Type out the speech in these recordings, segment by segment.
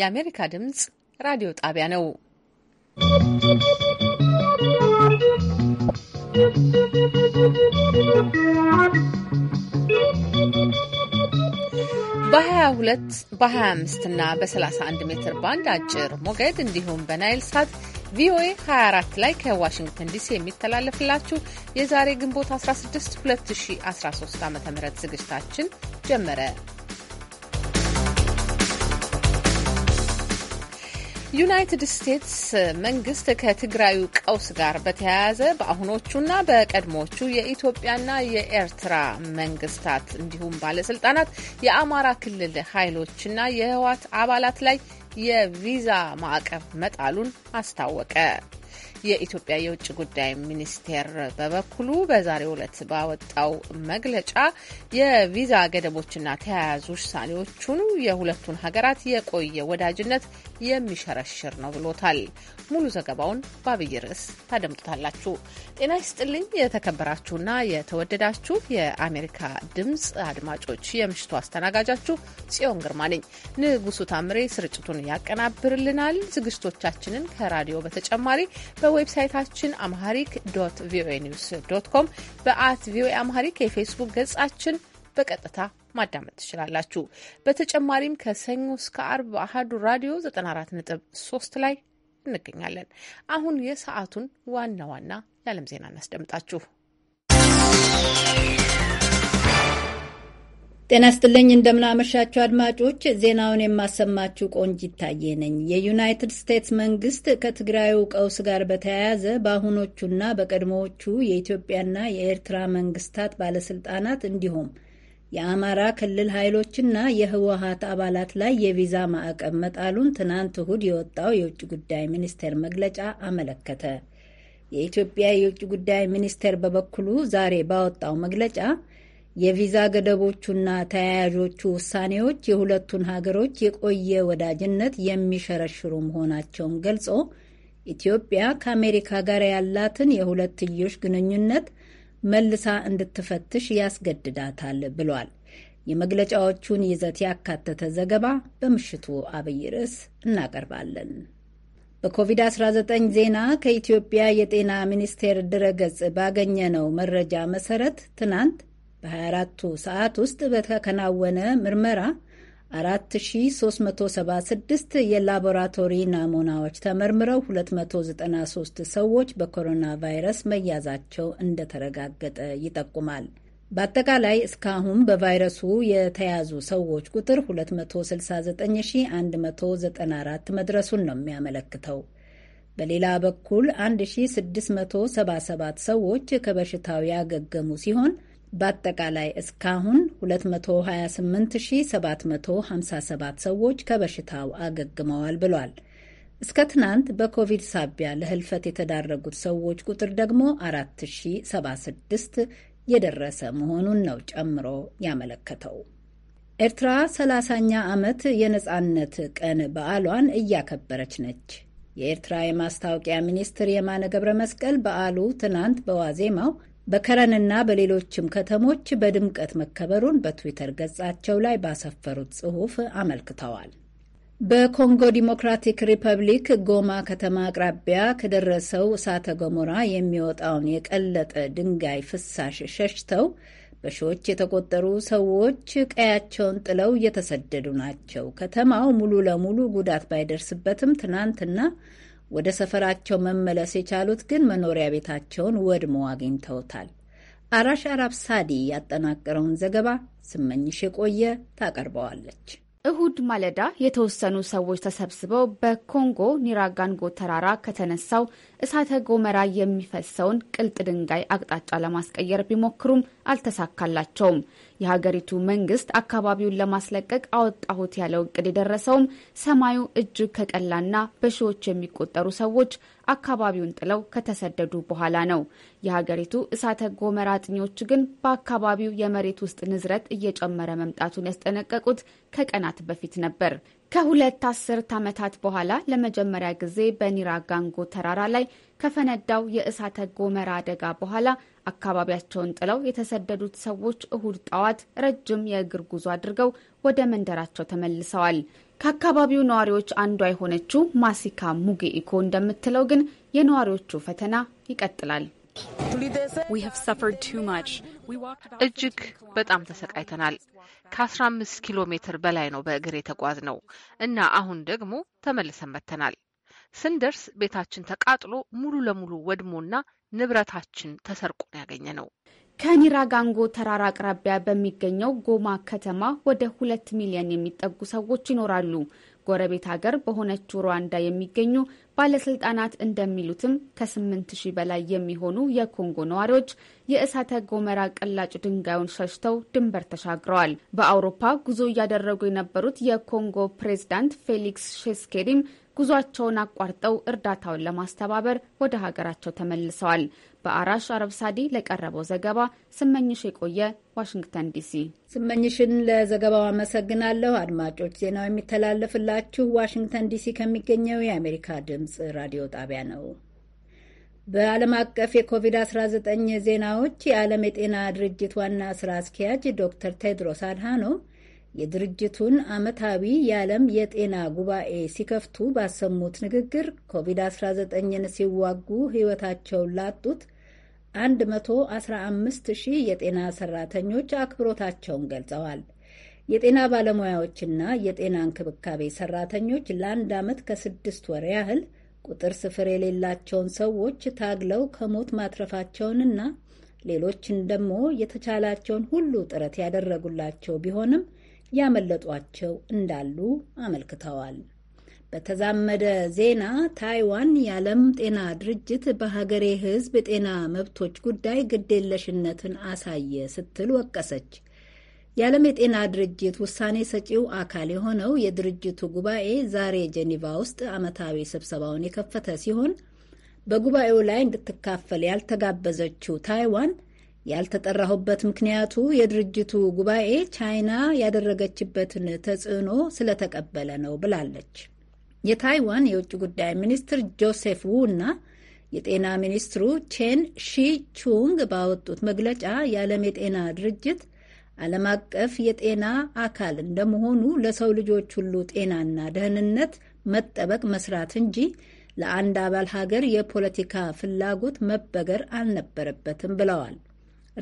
የአሜሪካ ድምጽ ራዲዮ ጣቢያ ነው። በ22 በ25 እና በ31 ሜትር ባንድ አጭር ሞገድ እንዲሁም በናይል ሳት ቪኦኤ 24 ላይ ከዋሽንግተን ዲሲ የሚተላለፍላችሁ የዛሬ ግንቦት 16 2013 ዓ ም ዝግጅታችን ጀመረ። ዩናይትድ ስቴትስ መንግስት ከትግራዩ ቀውስ ጋር በተያያዘ በአሁኖቹና በቀድሞቹ የኢትዮጵያና የኤርትራ መንግስታት እንዲሁም ባለስልጣናት የአማራ ክልል ኃይሎችና የህወሓት አባላት ላይ የቪዛ ማዕቀብ መጣሉን አስታወቀ። የኢትዮጵያ የውጭ ጉዳይ ሚኒስቴር በበኩሉ በዛሬው ዕለት ባወጣው መግለጫ የቪዛ ገደቦችና ተያያዙ ውሳኔዎቹን የሁለቱን ሀገራት የቆየ ወዳጅነት የሚሸረሽር ነው ብሎታል። ሙሉ ዘገባውን በአብይ ርዕስ ታደምጡታላችሁ። ጤና ይስጥልኝ። የተከበራችሁና የተወደዳችሁ የአሜሪካ ድምፅ አድማጮች የምሽቱ አስተናጋጃችሁ ጽዮን ግርማ ነኝ። ንጉሱ ታምሬ ስርጭቱን ያቀናብርልናል። ዝግጅቶቻችንን ከራዲዮ በተጨማሪ በዌብሳይታችን አምሃሪክ ዶት ቪኦኤ ኒውስ ዶት ኮም፣ በአት ቪኦኤ አምሃሪክ የፌስቡክ ገጻችን በቀጥታ ማዳመጥ ትችላላችሁ። በተጨማሪም ከሰኞ እስከ አርብ አሀዱ ራዲዮ 94.3 ላይ እንገኛለን። አሁን የሰዓቱን ዋና ዋና የዓለም ዜና እናስደምጣችሁ። ጤና ስጥልኝ፣ እንደምናመሻችሁ አድማጮች፣ ዜናውን የማሰማችሁ ቆንጅ ይታየ ነኝ። የዩናይትድ ስቴትስ መንግስት ከትግራዩ ቀውስ ጋር በተያያዘ በአሁኖቹና በቀድሞዎቹ የኢትዮጵያና የኤርትራ መንግስታት ባለስልጣናት እንዲሁም የአማራ ክልል ኃይሎችና የህወሀት አባላት ላይ የቪዛ ማዕቀብ መጣሉን ትናንት እሁድ የወጣው የውጭ ጉዳይ ሚኒስቴር መግለጫ አመለከተ። የኢትዮጵያ የውጭ ጉዳይ ሚኒስቴር በበኩሉ ዛሬ ባወጣው መግለጫ የቪዛ ገደቦቹና ተያያዦቹ ውሳኔዎች የሁለቱን ሀገሮች የቆየ ወዳጅነት የሚሸረሽሩ መሆናቸውን ገልጾ ኢትዮጵያ ከአሜሪካ ጋር ያላትን የሁለትዮሽ ግንኙነት መልሳ እንድትፈትሽ ያስገድዳታል ብሏል። የመግለጫዎቹን ይዘት ያካተተ ዘገባ በምሽቱ አብይ ርዕስ እናቀርባለን። በኮቪድ-19 ዜና ከኢትዮጵያ የጤና ሚኒስቴር ድረገጽ ባገኘነው መረጃ መሰረት ትናንት በ24ቱ ሰዓት ውስጥ በተከናወነ ምርመራ 4376 የላቦራቶሪ ናሙናዎች ተመርምረው 293 ሰዎች በኮሮና ቫይረስ መያዛቸው እንደተረጋገጠ ይጠቁማል። በአጠቃላይ እስካሁን በቫይረሱ የተያዙ ሰዎች ቁጥር 269194 መድረሱን ነው የሚያመለክተው። በሌላ በኩል 1677 ሰዎች ከበሽታው ያገገሙ ሲሆን በአጠቃላይ እስካሁን 228757 ሰዎች ከበሽታው አገግመዋል ብሏል። እስከ ትናንት በኮቪድ ሳቢያ ለህልፈት የተዳረጉት ሰዎች ቁጥር ደግሞ 4076 የደረሰ መሆኑን ነው ጨምሮ ያመለከተው። ኤርትራ ሰላሳኛ ዓመት የነጻነት ቀን በዓሏን እያከበረች ነች። የኤርትራ የማስታወቂያ ሚኒስትር የማነ ገብረ መስቀል በዓሉ ትናንት በዋዜማው በከረንና በሌሎችም ከተሞች በድምቀት መከበሩን በትዊተር ገጻቸው ላይ ባሰፈሩት ጽሑፍ አመልክተዋል። በኮንጎ ዲሞክራቲክ ሪፐብሊክ ጎማ ከተማ አቅራቢያ ከደረሰው እሳተ ገሞራ የሚወጣውን የቀለጠ ድንጋይ ፍሳሽ ሸሽተው በሺዎች የተቆጠሩ ሰዎች ቀያቸውን ጥለው እየተሰደዱ ናቸው። ከተማው ሙሉ ለሙሉ ጉዳት ባይደርስበትም ትናንትና ወደ ሰፈራቸው መመለስ የቻሉት ግን መኖሪያ ቤታቸውን ወድሞ አግኝተውታል። አራሽ አራብ ሳዲ ያጠናቀረውን ዘገባ ስመኝሽ የቆየ ታቀርበዋለች። እሁድ ማለዳ የተወሰኑ ሰዎች ተሰብስበው በኮንጎ ኒራጋንጎ ተራራ ከተነሳው እሳተ ጎመራ የሚፈሰውን ቅልጥ ድንጋይ አቅጣጫ ለማስቀየር ቢሞክሩም አልተሳካላቸውም። የሀገሪቱ መንግስት አካባቢውን ለማስለቀቅ አወጣሁት ያለው እቅድ የደረሰውም ሰማዩ እጅግ ከቀላና በሺዎች የሚቆጠሩ ሰዎች አካባቢውን ጥለው ከተሰደዱ በኋላ ነው። የሀገሪቱ እሳተ ጎመራ አጥኚዎች ግን በአካባቢው የመሬት ውስጥ ንዝረት እየጨመረ መምጣቱን ያስጠነቀቁት ከቀናት በፊት ነበር። ከሁለት አስርት ዓመታት በኋላ ለመጀመሪያ ጊዜ በኒራጋንጎ ተራራ ላይ ከፈነዳው የእሳተ ጎመራ አደጋ በኋላ አካባቢያቸውን ጥለው የተሰደዱት ሰዎች እሁድ ጠዋት ረጅም የእግር ጉዞ አድርገው ወደ መንደራቸው ተመልሰዋል። ከአካባቢው ነዋሪዎች አንዷ የሆነችው ማሲካ ሙጌ ኢኮ እንደምትለው ግን የነዋሪዎቹ ፈተና ይቀጥላል። እጅግ በጣም ተሰቃይተናል። ከ15 ኪሎ ሜትር በላይ ነው በእግር የተጓዝ ነው እና አሁን ደግሞ ተመልሰን መጥተናል። ስንደርስ ቤታችን ተቃጥሎ ሙሉ ለሙሉ ወድሞና ንብረታችን ተሰርቆ ነው ያገኘ ነው። ከኒራ ጋንጎ ተራራ አቅራቢያ በሚገኘው ጎማ ከተማ ወደ ሁለት ሚሊዮን የሚጠጉ ሰዎች ይኖራሉ። ጎረቤት ሀገር በሆነችው ሩዋንዳ የሚገኙ ባለስልጣናት እንደሚሉትም ከ 8 ሺህ በላይ የሚሆኑ የኮንጎ ነዋሪዎች የእሳተ ጎመራ ቅላጭ ድንጋዩን ሸሽተው ድንበር ተሻግረዋል። በአውሮፓ ጉዞ እያደረጉ የነበሩት የኮንጎ ፕሬዝዳንት ፌሊክስ ሼስኬዲም ጉዟቸውን አቋርጠው እርዳታውን ለማስተባበር ወደ ሀገራቸው ተመልሰዋል። በአራሽ አረብሳዲ ለቀረበው ዘገባ ስመኝሽ የቆየ ዋሽንግተን ዲሲ። ስመኝሽን ለዘገባው አመሰግናለሁ። አድማጮች ዜናው የሚተላለፍላችሁ ዋሽንግተን ዲሲ ከሚገኘው የአሜሪካ ድምፅ ራዲዮ ጣቢያ ነው። በዓለም አቀፍ የኮቪድ-19 ዜናዎች የዓለም የጤና ድርጅት ዋና ስራ አስኪያጅ ዶክተር ቴድሮስ አድሃኖም የድርጅቱን ዓመታዊ የዓለም የጤና ጉባኤ ሲከፍቱ ባሰሙት ንግግር ኮቪድ-19ን ሲዋጉ ሕይወታቸውን ላጡት 115 ሺህ የጤና ሰራተኞች አክብሮታቸውን ገልጸዋል። የጤና ባለሙያዎችና የጤና እንክብካቤ ሰራተኞች ለአንድ ዓመት ከስድስት ወር ያህል ቁጥር ስፍር የሌላቸውን ሰዎች ታግለው ከሞት ማትረፋቸውንና ሌሎችን ደግሞ የተቻላቸውን ሁሉ ጥረት ያደረጉላቸው ቢሆንም ያመለጧቸው እንዳሉ አመልክተዋል። በተዛመደ ዜና ታይዋን የዓለም ጤና ድርጅት በሀገሬ ሕዝብ የጤና መብቶች ጉዳይ ግዴለሽነትን አሳየ ስትል ወቀሰች። የዓለም የጤና ድርጅት ውሳኔ ሰጪው አካል የሆነው የድርጅቱ ጉባኤ ዛሬ ጀኒቫ ውስጥ ዓመታዊ ስብሰባውን የከፈተ ሲሆን በጉባኤው ላይ እንድትካፈል ያልተጋበዘችው ታይዋን ያልተጠራሁበት ምክንያቱ የድርጅቱ ጉባኤ ቻይና ያደረገችበትን ተጽዕኖ ስለተቀበለ ነው ብላለች። የታይዋን የውጭ ጉዳይ ሚኒስትር ጆሴፍ ዉ እና የጤና ሚኒስትሩ ቼን ሺ ቹንግ ባወጡት መግለጫ የዓለም የጤና ድርጅት ዓለም አቀፍ የጤና አካል እንደመሆኑ ለሰው ልጆች ሁሉ ጤናና ደህንነት መጠበቅ መስራት እንጂ ለአንድ አባል ሀገር የፖለቲካ ፍላጎት መበገር አልነበረበትም ብለዋል።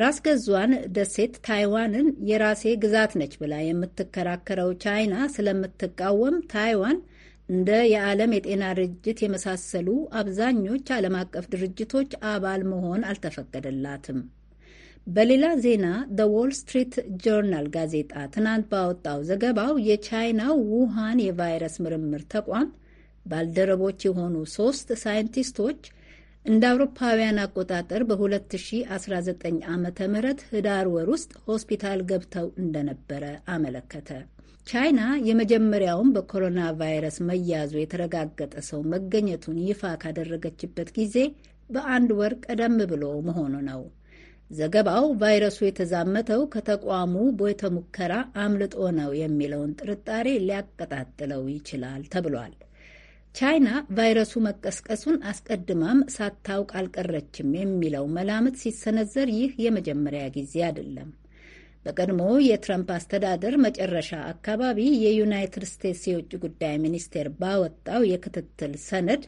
ራስ ገዟን ደሴት ታይዋንን የራሴ ግዛት ነች ብላ የምትከራከረው ቻይና ስለምትቃወም ታይዋን እንደ የዓለም የጤና ድርጅት የመሳሰሉ አብዛኞች ዓለም አቀፍ ድርጅቶች አባል መሆን አልተፈቀደላትም። በሌላ ዜና ደ ዎል ስትሪት ጆርናል ጋዜጣ ትናንት ባወጣው ዘገባው የቻይናው ውሃን የቫይረስ ምርምር ተቋም ባልደረቦች የሆኑ ሶስት ሳይንቲስቶች እንደ አውሮፓውያን አቆጣጠር በ2019 ዓ ም ህዳር ወር ውስጥ ሆስፒታል ገብተው እንደነበረ አመለከተ። ቻይና የመጀመሪያውን በኮሮና ቫይረስ መያዙ የተረጋገጠ ሰው መገኘቱን ይፋ ካደረገችበት ጊዜ በአንድ ወር ቀደም ብሎ መሆኑ ነው። ዘገባው ቫይረሱ የተዛመተው ከተቋሙ ቤተ ሙከራ አምልጦ ነው የሚለውን ጥርጣሬ ሊያቀጣጥለው ይችላል ተብሏል። ቻይና ቫይረሱ መቀስቀሱን አስቀድማም ሳታውቅ አልቀረችም የሚለው መላምት ሲሰነዘር ይህ የመጀመሪያ ጊዜ አይደለም። በቀድሞ የትረምፕ አስተዳደር መጨረሻ አካባቢ የዩናይትድ ስቴትስ የውጭ ጉዳይ ሚኒስቴር ባወጣው የክትትል ሰነድ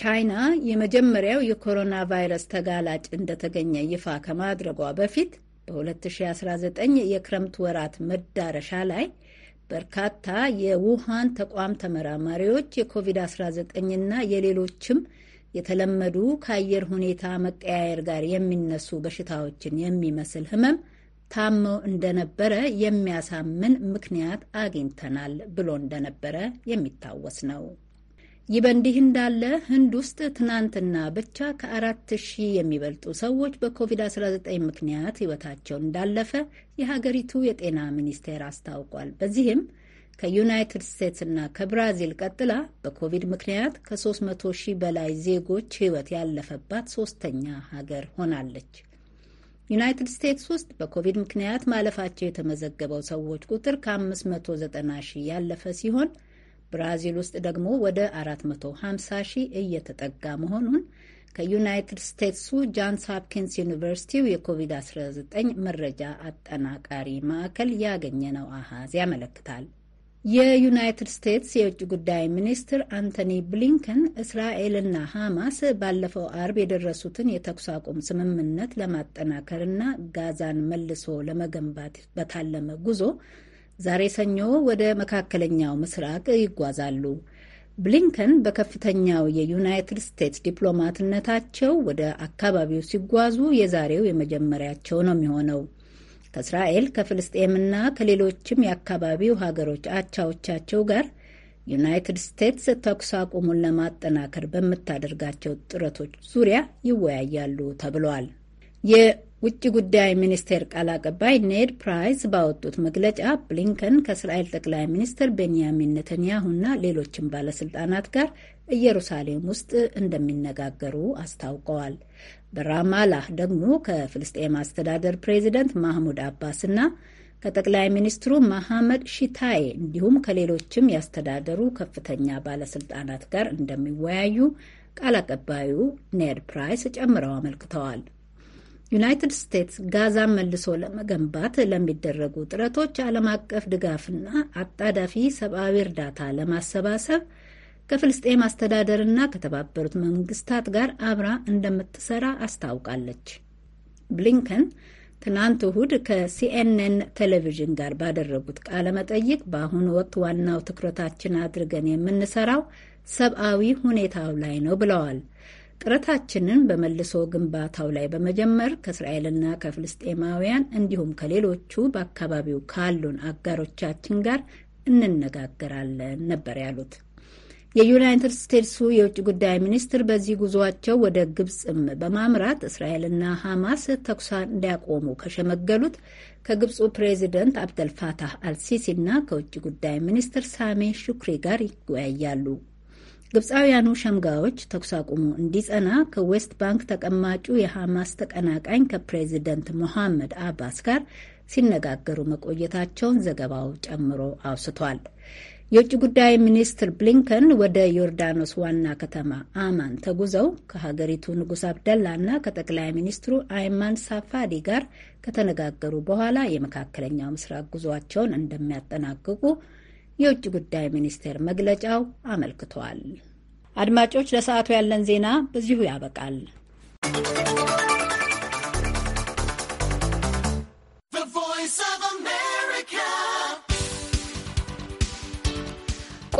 ቻይና የመጀመሪያው የኮሮና ቫይረስ ተጋላጭ እንደተገኘ ይፋ ከማድረጓ በፊት በ2019 የክረምት ወራት መዳረሻ ላይ በርካታ የውሃን ተቋም ተመራማሪዎች የኮቪድ-19ና የሌሎችም የተለመዱ ከአየር ሁኔታ መቀያየር ጋር የሚነሱ በሽታዎችን የሚመስል ህመም ታመው እንደነበረ የሚያሳምን ምክንያት አግኝተናል ብሎ እንደነበረ የሚታወስ ነው። ይህ በእንዲህ እንዳለ ህንድ ውስጥ ትናንትና ብቻ ከአራት ሺህ የሚበልጡ ሰዎች በኮቪድ-19 ምክንያት ህይወታቸው እንዳለፈ የሀገሪቱ የጤና ሚኒስቴር አስታውቋል። በዚህም ከዩናይትድ ስቴትስ እና ከብራዚል ቀጥላ በኮቪድ ምክንያት ከ300 ሺህ በላይ ዜጎች ህይወት ያለፈባት ሶስተኛ ሀገር ሆናለች። ዩናይትድ ስቴትስ ውስጥ በኮቪድ ምክንያት ማለፋቸው የተመዘገበው ሰዎች ቁጥር ከ590 ሺህ ያለፈ ሲሆን ብራዚል ውስጥ ደግሞ ወደ 450 ሺህ እየተጠጋ መሆኑን ከዩናይትድ ስቴትሱ ጃንስ ሀፕኪንስ ዩኒቨርሲቲው የኮቪድ-19 መረጃ አጠናቃሪ ማዕከል ያገኘነው አሃዝ ያመለክታል። የዩናይትድ ስቴትስ የውጭ ጉዳይ ሚኒስትር አንቶኒ ብሊንከን እስራኤልና ሐማስ ባለፈው አርብ የደረሱትን የተኩስ አቁም ስምምነት ለማጠናከርና ጋዛን መልሶ ለመገንባት በታለመ ጉዞ ዛሬ ሰኞ ወደ መካከለኛው ምስራቅ ይጓዛሉ። ብሊንከን በከፍተኛው የዩናይትድ ስቴትስ ዲፕሎማትነታቸው ወደ አካባቢው ሲጓዙ የዛሬው የመጀመሪያቸው ነው የሚሆነው። ከእስራኤል ከፍልስጤምና ከሌሎችም የአካባቢው ሀገሮች አቻዎቻቸው ጋር ዩናይትድ ስቴትስ ተኩስ አቁሙን ለማጠናከር በምታደርጋቸው ጥረቶች ዙሪያ ይወያያሉ ተብሏል። ውጭ ጉዳይ ሚኒስቴር ቃል አቀባይ ኔድ ፕራይስ ባወጡት መግለጫ ብሊንከን ከእስራኤል ጠቅላይ ሚኒስትር ቤንያሚን ነተንያሁና ሌሎችም ባለስልጣናት ጋር ኢየሩሳሌም ውስጥ እንደሚነጋገሩ አስታውቀዋል። በራማላህ ደግሞ ከፍልስጤም አስተዳደር ፕሬዚደንት ማህሙድ አባስና ከጠቅላይ ሚኒስትሩ መሐመድ ሺታዬ እንዲሁም ከሌሎችም ያስተዳደሩ ከፍተኛ ባለስልጣናት ጋር እንደሚወያዩ ቃል አቀባዩ ኔድ ፕራይስ ጨምረው አመልክተዋል። ዩናይትድ ስቴትስ ጋዛን መልሶ ለመገንባት ለሚደረጉ ጥረቶች ዓለም አቀፍ ድጋፍና አጣዳፊ ሰብአዊ እርዳታ ለማሰባሰብ ከፍልስጤም አስተዳደርና ከተባበሩት መንግስታት ጋር አብራ እንደምትሰራ አስታውቃለች። ብሊንከን ትናንት እሁድ ከሲኤንኤን ቴሌቪዥን ጋር ባደረጉት ቃለ መጠይቅ በአሁኑ ወቅት ዋናው ትኩረታችን አድርገን የምንሰራው ሰብአዊ ሁኔታው ላይ ነው ብለዋል። ጥረታችንን በመልሶ ግንባታው ላይ በመጀመር ከእስራኤልና ከፍልስጤማውያን እንዲሁም ከሌሎቹ በአካባቢው ካሉን አጋሮቻችን ጋር እንነጋገራለን ነበር ያሉት። የዩናይትድ ስቴትሱ የውጭ ጉዳይ ሚኒስትር በዚህ ጉዟቸው ወደ ግብፅም በማምራት እስራኤልና ሐማስ ተኩሳ እንዲያቆሙ ከሸመገሉት ከግብፁ ፕሬዚደንት አብደልፋታህ አልሲሲ እና ከውጭ ጉዳይ ሚኒስትር ሳሜ ሹክሪ ጋር ይወያያሉ። ግብፃውያኑ ሸምጋዮች ተኩስ አቁሙ እንዲጸና ከዌስት ባንክ ተቀማጩ የሐማስ ተቀናቃኝ ከፕሬዚደንት ሞሐመድ አባስ ጋር ሲነጋገሩ መቆየታቸውን ዘገባው ጨምሮ አውስቷል። የውጭ ጉዳይ ሚኒስትር ብሊንከን ወደ ዮርዳኖስ ዋና ከተማ አማን ተጉዘው ከሀገሪቱ ንጉሥ አብደላ እና ከጠቅላይ ሚኒስትሩ አይማን ሳፋዲ ጋር ከተነጋገሩ በኋላ የመካከለኛው ምስራቅ ጉዟቸውን እንደሚያጠናቅቁ የውጭ ጉዳይ ሚኒስቴር መግለጫው አመልክቷል። አድማጮች፣ ለሰዓቱ ያለን ዜና በዚሁ ያበቃል።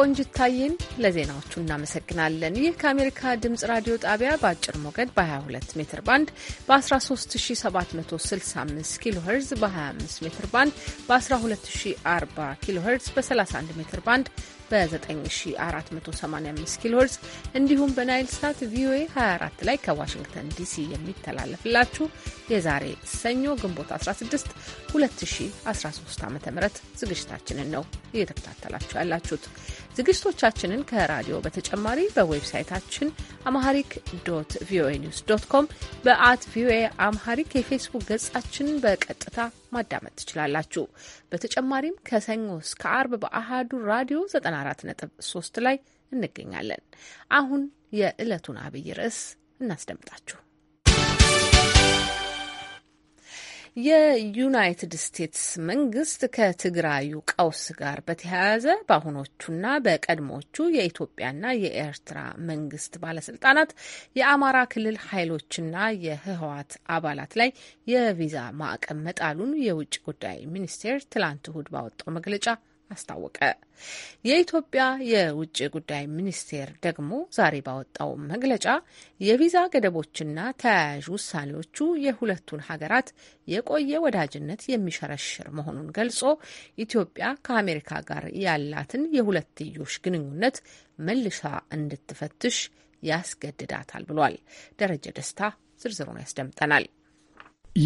ቆንጅታዬን ለዜናዎቹ እናመሰግናለን። ይህ ከአሜሪካ ድምጽ ራዲዮ ጣቢያ በአጭር ሞገድ በ22 ሜትር ባንድ በ13765 ኪሎ ሄርዝ በ25 ሜትር ባንድ በ1240 ኪሎ ሄርዝ በ31 ሜትር ባንድ በ9485 ኪሎ ሄርዝ እንዲሁም በናይል ሳት ቪኦኤ 24 ላይ ከዋሽንግተን ዲሲ የሚተላለፍላችሁ የዛሬ ሰኞ ግንቦት 16 2013 ዓ ም ዝግጅታችንን ነው እየተከታተላችሁ ያላችሁት። ዝግጅቶቻችንን ከራዲዮ በተጨማሪ በዌብሳይታችን አምሃሪክ ዶት ቪኦኤ ኒውስ ዶት ኮም በአት ቪኦኤ አምሃሪክ የፌስቡክ ገጻችንን በቀጥታ ማዳመጥ ትችላላችሁ። በተጨማሪም ከሰኞ እስከ አርብ በአሃዱ ራዲዮ 94.3 ላይ እንገኛለን። አሁን የዕለቱን አብይ ርዕስ እናስደምጣችሁ። የዩናይትድ ስቴትስ መንግስት ከትግራዩ ቀውስ ጋር በተያያዘ በአሁኖቹና በቀድሞቹ የኢትዮጵያና የኤርትራ መንግስት ባለስልጣናት የአማራ ክልል ኃይሎችና የህወሓት አባላት ላይ የቪዛ ማዕቀብ መጣሉን የውጭ ጉዳይ ሚኒስቴር ትላንት እሁድ ባወጣው መግለጫ አስታወቀ። የኢትዮጵያ የውጭ ጉዳይ ሚኒስቴር ደግሞ ዛሬ ባወጣው መግለጫ የቪዛ ገደቦችና ተያያዥ ውሳኔዎቹ የሁለቱን ሀገራት የቆየ ወዳጅነት የሚሸረሽር መሆኑን ገልጾ ኢትዮጵያ ከአሜሪካ ጋር ያላትን የሁለትዮሽ ግንኙነት መልሳ እንድትፈትሽ ያስገድዳታል ብሏል። ደረጀ ደስታ ዝርዝሩን ያስደምጠናል።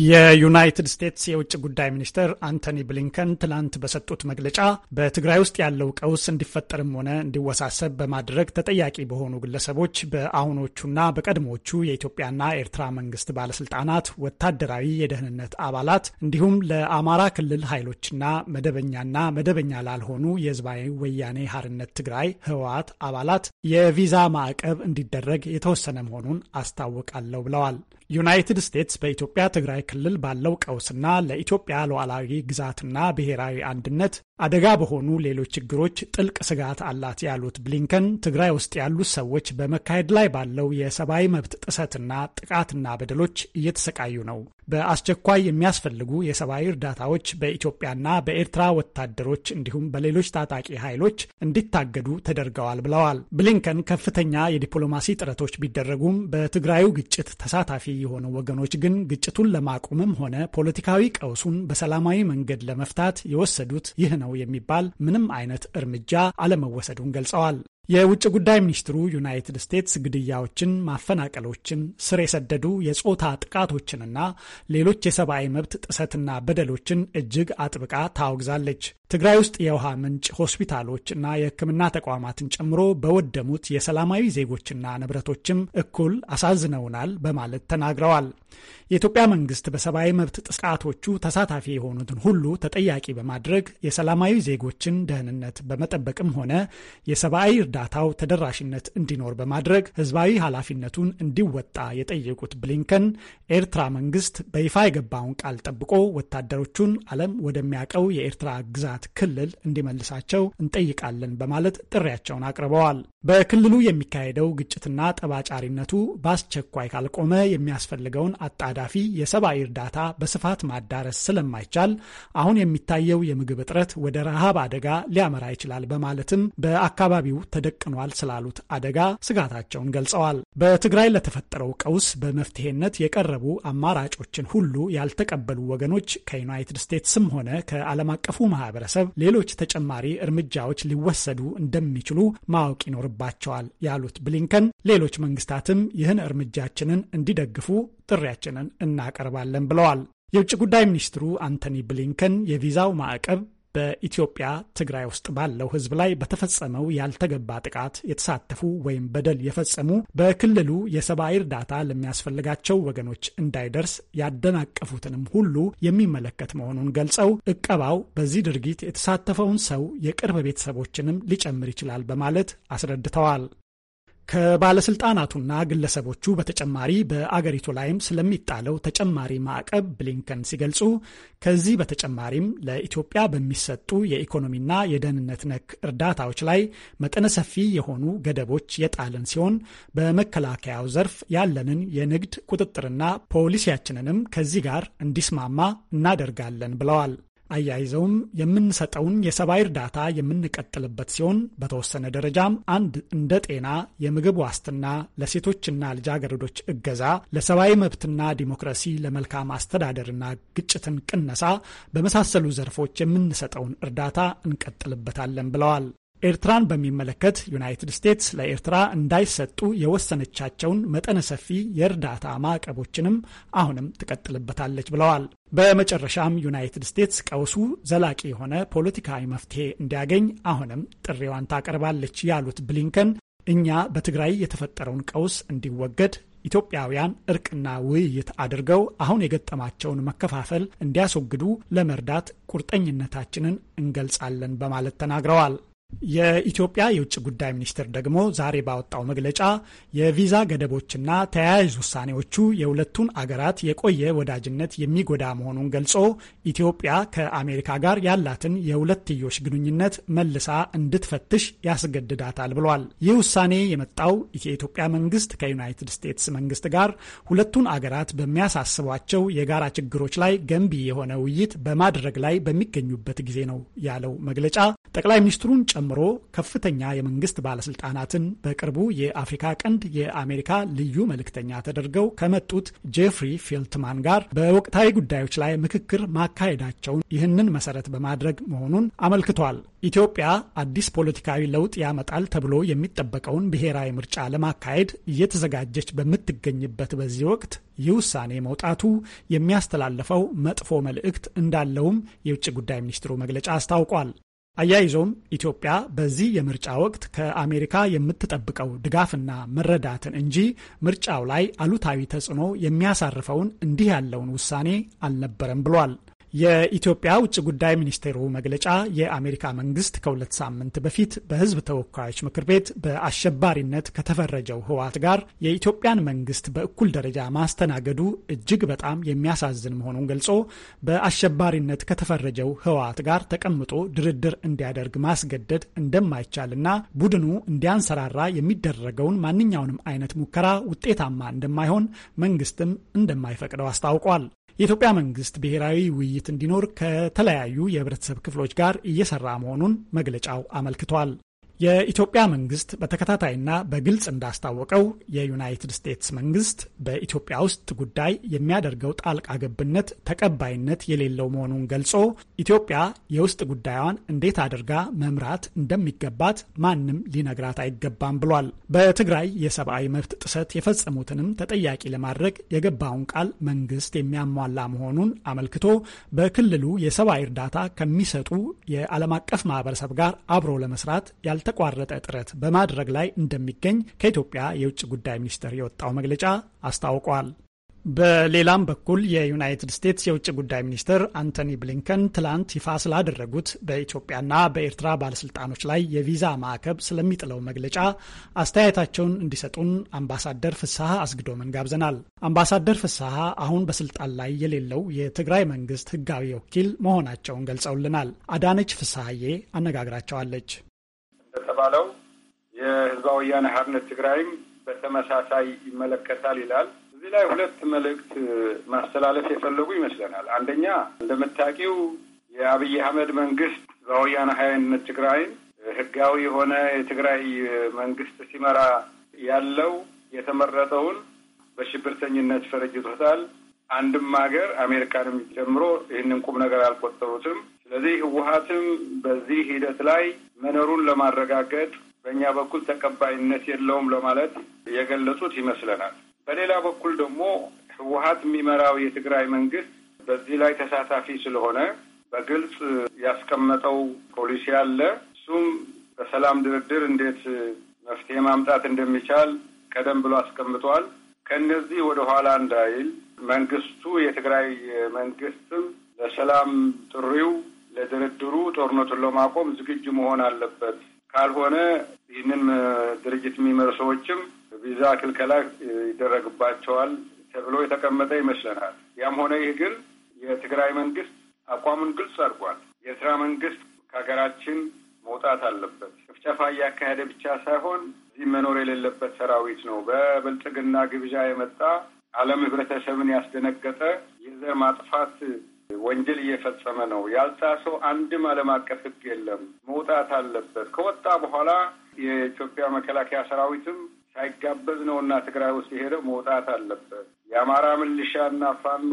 የዩናይትድ ስቴትስ የውጭ ጉዳይ ሚኒስትር አንቶኒ ብሊንከን ትላንት በሰጡት መግለጫ በትግራይ ውስጥ ያለው ቀውስ እንዲፈጠርም ሆነ እንዲወሳሰብ በማድረግ ተጠያቂ በሆኑ ግለሰቦች በአሁኖቹና በቀድሞቹ የኢትዮጵያና ኤርትራ መንግስት ባለስልጣናት፣ ወታደራዊ የደህንነት አባላት እንዲሁም ለአማራ ክልል ኃይሎችና መደበኛና መደበኛ ላልሆኑ የህዝባዊ ወያኔ ሀርነት ትግራይ ህወሓት አባላት የቪዛ ማዕቀብ እንዲደረግ የተወሰነ መሆኑን አስታውቃለሁ ብለዋል። ዩናይትድ ስቴትስ በኢትዮጵያ ትግራይ ትግራይ ክልል ባለው ቀውስና ለኢትዮጵያ ሉዓላዊ ግዛትና ብሔራዊ አንድነት አደጋ በሆኑ ሌሎች ችግሮች ጥልቅ ስጋት አላት ያሉት ብሊንከን ትግራይ ውስጥ ያሉት ሰዎች በመካሄድ ላይ ባለው የሰብአዊ መብት ጥሰትና ጥቃትና በደሎች እየተሰቃዩ ነው። በአስቸኳይ የሚያስፈልጉ የሰብአዊ እርዳታዎች በኢትዮጵያና በኤርትራ ወታደሮች እንዲሁም በሌሎች ታጣቂ ኃይሎች እንዲታገዱ ተደርገዋል ብለዋል። ብሊንከን ከፍተኛ የዲፕሎማሲ ጥረቶች ቢደረጉም በትግራዩ ግጭት ተሳታፊ የሆኑ ወገኖች ግን ግጭቱን ለማቆምም ሆነ ፖለቲካዊ ቀውሱን በሰላማዊ መንገድ ለመፍታት የወሰዱት ይህ ነው ነው የሚባል ምንም አይነት እርምጃ አለመወሰዱን ገልጸዋል። የውጭ ጉዳይ ሚኒስትሩ ዩናይትድ ስቴትስ ግድያዎችን፣ ማፈናቀሎችን፣ ስር የሰደዱ የጾታ ጥቃቶችንና ሌሎች የሰብአዊ መብት ጥሰትና በደሎችን እጅግ አጥብቃ ታወግዛለች። ትግራይ ውስጥ የውሃ ምንጭ ሆስፒታሎች እና የሕክምና ተቋማትን ጨምሮ በወደሙት የሰላማዊ ዜጎችና ንብረቶችም እኩል አሳዝነውናል በማለት ተናግረዋል። የኢትዮጵያ መንግስት በሰብአዊ መብት ጥቃቶቹ ተሳታፊ የሆኑትን ሁሉ ተጠያቂ በማድረግ የሰላማዊ ዜጎችን ደህንነት በመጠበቅም ሆነ የሰብአዊ እርዳታው ተደራሽነት እንዲኖር በማድረግ ህዝባዊ ኃላፊነቱን እንዲወጣ የጠየቁት ብሊንከን ኤርትራ መንግስት በይፋ የገባውን ቃል ጠብቆ ወታደሮቹን ዓለም ወደሚያውቀው የኤርትራ ግዛት ህጻናት ክልል እንዲመልሳቸው እንጠይቃለን በማለት ጥሪያቸውን አቅርበዋል። በክልሉ የሚካሄደው ግጭትና ጠባጫሪነቱ በአስቸኳይ ካልቆመ የሚያስፈልገውን አጣዳፊ የሰብአዊ እርዳታ በስፋት ማዳረስ ስለማይቻል አሁን የሚታየው የምግብ እጥረት ወደ ረሃብ አደጋ ሊያመራ ይችላል በማለትም በአካባቢው ተደቅኗል ስላሉት አደጋ ስጋታቸውን ገልጸዋል። በትግራይ ለተፈጠረው ቀውስ በመፍትሄነት የቀረቡ አማራጮችን ሁሉ ያልተቀበሉ ወገኖች ከዩናይትድ ስቴትስም ሆነ ከዓለም አቀፉ ማህበረሰብ ማህበረሰብ ሌሎች ተጨማሪ እርምጃዎች ሊወሰዱ እንደሚችሉ ማወቅ ይኖርባቸዋል ያሉት ብሊንከን ሌሎች መንግስታትም ይህን እርምጃችንን እንዲደግፉ ጥሪያችንን እናቀርባለን ብለዋል። የውጭ ጉዳይ ሚኒስትሩ አንቶኒ ብሊንከን የቪዛው ማዕቀብ በኢትዮጵያ ትግራይ ውስጥ ባለው ሕዝብ ላይ በተፈጸመው ያልተገባ ጥቃት የተሳተፉ ወይም በደል የፈጸሙ በክልሉ የሰብአዊ እርዳታ ለሚያስፈልጋቸው ወገኖች እንዳይደርስ ያደናቀፉትንም ሁሉ የሚመለከት መሆኑን ገልጸው እቀባው በዚህ ድርጊት የተሳተፈውን ሰው የቅርብ ቤተሰቦችንም ሊጨምር ይችላል በማለት አስረድተዋል። ከባለስልጣናቱና ግለሰቦቹ በተጨማሪ በአገሪቱ ላይም ስለሚጣለው ተጨማሪ ማዕቀብ ብሊንከን ሲገልጹ ከዚህ በተጨማሪም ለኢትዮጵያ በሚሰጡ የኢኮኖሚና የደህንነት ነክ እርዳታዎች ላይ መጠነ ሰፊ የሆኑ ገደቦች የጣልን ሲሆን በመከላከያው ዘርፍ ያለንን የንግድ ቁጥጥርና ፖሊሲያችንንም ከዚህ ጋር እንዲስማማ እናደርጋለን ብለዋል። አያይዘውም የምንሰጠውን የሰብአዊ እርዳታ የምንቀጥልበት ሲሆን በተወሰነ ደረጃም አንድ እንደ ጤና፣ የምግብ ዋስትና፣ ለሴቶችና ልጃገረዶች እገዛ፣ ለሰብአዊ መብትና ዲሞክራሲ፣ ለመልካም አስተዳደርና ግጭትን ቅነሳ በመሳሰሉ ዘርፎች የምንሰጠውን እርዳታ እንቀጥልበታለን ብለዋል። ኤርትራን በሚመለከት ዩናይትድ ስቴትስ ለኤርትራ እንዳይሰጡ የወሰነቻቸውን መጠነ ሰፊ የእርዳታ ማዕቀቦችንም አሁንም ትቀጥልበታለች ብለዋል። በመጨረሻም ዩናይትድ ስቴትስ ቀውሱ ዘላቂ የሆነ ፖለቲካዊ መፍትሄ እንዲያገኝ አሁንም ጥሪዋን ታቀርባለች ያሉት ብሊንከን እኛ በትግራይ የተፈጠረውን ቀውስ እንዲወገድ ኢትዮጵያውያን እርቅና ውይይት አድርገው አሁን የገጠማቸውን መከፋፈል እንዲያስወግዱ ለመርዳት ቁርጠኝነታችንን እንገልጻለን በማለት ተናግረዋል። የኢትዮጵያ የውጭ ጉዳይ ሚኒስቴር ደግሞ ዛሬ ባወጣው መግለጫ የቪዛ ገደቦችና ተያያዥ ውሳኔዎቹ የሁለቱን አገራት የቆየ ወዳጅነት የሚጎዳ መሆኑን ገልጾ ኢትዮጵያ ከአሜሪካ ጋር ያላትን የሁለትዮሽ ግንኙነት መልሳ እንድትፈትሽ ያስገድዳታል ብሏል። ይህ ውሳኔ የመጣው የኢትዮጵያ መንግስት ከዩናይትድ ስቴትስ መንግስት ጋር ሁለቱን አገራት በሚያሳስቧቸው የጋራ ችግሮች ላይ ገንቢ የሆነ ውይይት በማድረግ ላይ በሚገኙበት ጊዜ ነው ያለው መግለጫ ጠቅላይ ሚኒስትሩን ጨምሮ ከፍተኛ የመንግስት ባለስልጣናትን በቅርቡ የአፍሪካ ቀንድ የአሜሪካ ልዩ መልእክተኛ ተደርገው ከመጡት ጄፍሪ ፌልትማን ጋር በወቅታዊ ጉዳዮች ላይ ምክክር ማካሄዳቸውን ይህንን መሰረት በማድረግ መሆኑን አመልክቷል። ኢትዮጵያ አዲስ ፖለቲካዊ ለውጥ ያመጣል ተብሎ የሚጠበቀውን ብሔራዊ ምርጫ ለማካሄድ እየተዘጋጀች በምትገኝበት በዚህ ወቅት ይህ ውሳኔ መውጣቱ የሚያስተላልፈው መጥፎ መልእክት እንዳለውም የውጭ ጉዳይ ሚኒስትሩ መግለጫ አስታውቋል። አያይዞም ኢትዮጵያ በዚህ የምርጫ ወቅት ከአሜሪካ የምትጠብቀው ድጋፍና መረዳትን እንጂ ምርጫው ላይ አሉታዊ ተጽዕኖ የሚያሳርፈውን እንዲህ ያለውን ውሳኔ አልነበረም ብሏል። የኢትዮጵያ ውጭ ጉዳይ ሚኒስቴሩ መግለጫ የአሜሪካ መንግስት ከሁለት ሳምንት በፊት በህዝብ ተወካዮች ምክር ቤት በአሸባሪነት ከተፈረጀው ህወሓት ጋር የኢትዮጵያን መንግስት በእኩል ደረጃ ማስተናገዱ እጅግ በጣም የሚያሳዝን መሆኑን ገልጾ በአሸባሪነት ከተፈረጀው ህወሓት ጋር ተቀምጦ ድርድር እንዲያደርግ ማስገደድ እንደማይቻልና ቡድኑ እንዲያንሰራራ የሚደረገውን ማንኛውንም አይነት ሙከራ ውጤታማ እንደማይሆን መንግስትም እንደማይፈቅደው አስታውቋል። የኢትዮጵያ መንግስት ብሔራዊ ውይይት እንዲኖር ከተለያዩ የህብረተሰብ ክፍሎች ጋር እየሰራ መሆኑን መግለጫው አመልክቷል። የኢትዮጵያ መንግስት በተከታታይና በግልጽ እንዳስታወቀው የዩናይትድ ስቴትስ መንግስት በኢትዮጵያ ውስጥ ጉዳይ የሚያደርገው ጣልቃ ገብነት ተቀባይነት የሌለው መሆኑን ገልጾ ኢትዮጵያ የውስጥ ጉዳዩን እንዴት አድርጋ መምራት እንደሚገባት ማንም ሊነግራት አይገባም ብሏል። በትግራይ የሰብአዊ መብት ጥሰት የፈጸሙትንም ተጠያቂ ለማድረግ የገባውን ቃል መንግስት የሚያሟላ መሆኑን አመልክቶ በክልሉ የሰብአዊ እርዳታ ከሚሰጡ የዓለም አቀፍ ማህበረሰብ ጋር አብሮ ለመስራት ያልተ ያልተቋረጠ ጥረት በማድረግ ላይ እንደሚገኝ ከኢትዮጵያ የውጭ ጉዳይ ሚኒስቴር የወጣው መግለጫ አስታውቋል። በሌላም በኩል የዩናይትድ ስቴትስ የውጭ ጉዳይ ሚኒስትር አንቶኒ ብሊንከን ትላንት ይፋ ስላደረጉት በኢትዮጵያና በኤርትራ ባለስልጣኖች ላይ የቪዛ ማዕከብ ስለሚጥለው መግለጫ አስተያየታቸውን እንዲሰጡን አምባሳደር ፍስሐ አስግዶምን ጋብዘናል። አምባሳደር ፍስሐ አሁን በስልጣን ላይ የሌለው የትግራይ መንግስት ህጋዊ ወኪል መሆናቸውን ገልጸውልናል። አዳነች ፍስሐዬ አነጋግራቸዋለች። እንደተባለው የህዝባዊ ወያነ ሓርነት ትግራይም በተመሳሳይ ይመለከታል ይላል። እዚህ ላይ ሁለት መልእክት ማስተላለፍ የፈለጉ ይመስለናል። አንደኛ እንደምታውቂው የአብይ አህመድ መንግስት ህዝባዊ ወያነ ትግራይን ህጋዊ የሆነ የትግራይ መንግስት ሲመራ ያለው የተመረጠውን በሽብርተኝነት ፈረጅቶታል። አንድም ሀገር አሜሪካንም ጀምሮ ይህንን ቁም ነገር አልቆጠሩትም። ስለዚህ ህወሀትም በዚህ ሂደት ላይ መኖሩን ለማረጋገጥ በእኛ በኩል ተቀባይነት የለውም ለማለት የገለጹት ይመስለናል። በሌላ በኩል ደግሞ ህወሀት የሚመራው የትግራይ መንግስት በዚህ ላይ ተሳታፊ ስለሆነ በግልጽ ያስቀመጠው ፖሊሲ አለ። እሱም በሰላም ድርድር እንዴት መፍትሄ ማምጣት እንደሚቻል ቀደም ብሎ አስቀምጧል። ከእነዚህ ወደ ኋላ እንዳይል መንግስቱ የትግራይ መንግስትም ለሰላም ጥሪው ለድርድሩ ጦርነቱን ለማቆም ዝግጁ መሆን አለበት። ካልሆነ ይህንን ድርጅት የሚመሩ ሰዎችም ቪዛ ክልከላ ይደረግባቸዋል ተብሎ የተቀመጠ ይመስለናል። ያም ሆነ ይህ ግን የትግራይ መንግስት አቋሙን ግልጽ አድርጓል። የኤርትራ መንግስት ከሀገራችን መውጣት አለበት። ጭፍጨፋ እያካሄደ ብቻ ሳይሆን እዚህ መኖር የሌለበት ሰራዊት ነው። በብልጽግና ግብዣ የመጣ ዓለም ህብረተሰብን ያስደነገጠ የዘር ማጥፋት ወንጀል እየፈጸመ ነው። ያልጣሰው አንድም ዓለም አቀፍ ሕግ የለም። መውጣት አለበት። ከወጣ በኋላ የኢትዮጵያ መከላከያ ሰራዊትም ሳይጋበዝ ነው እና ትግራይ ውስጥ የሄደው መውጣት አለበት። የአማራ ምልሻ እና ፋኖ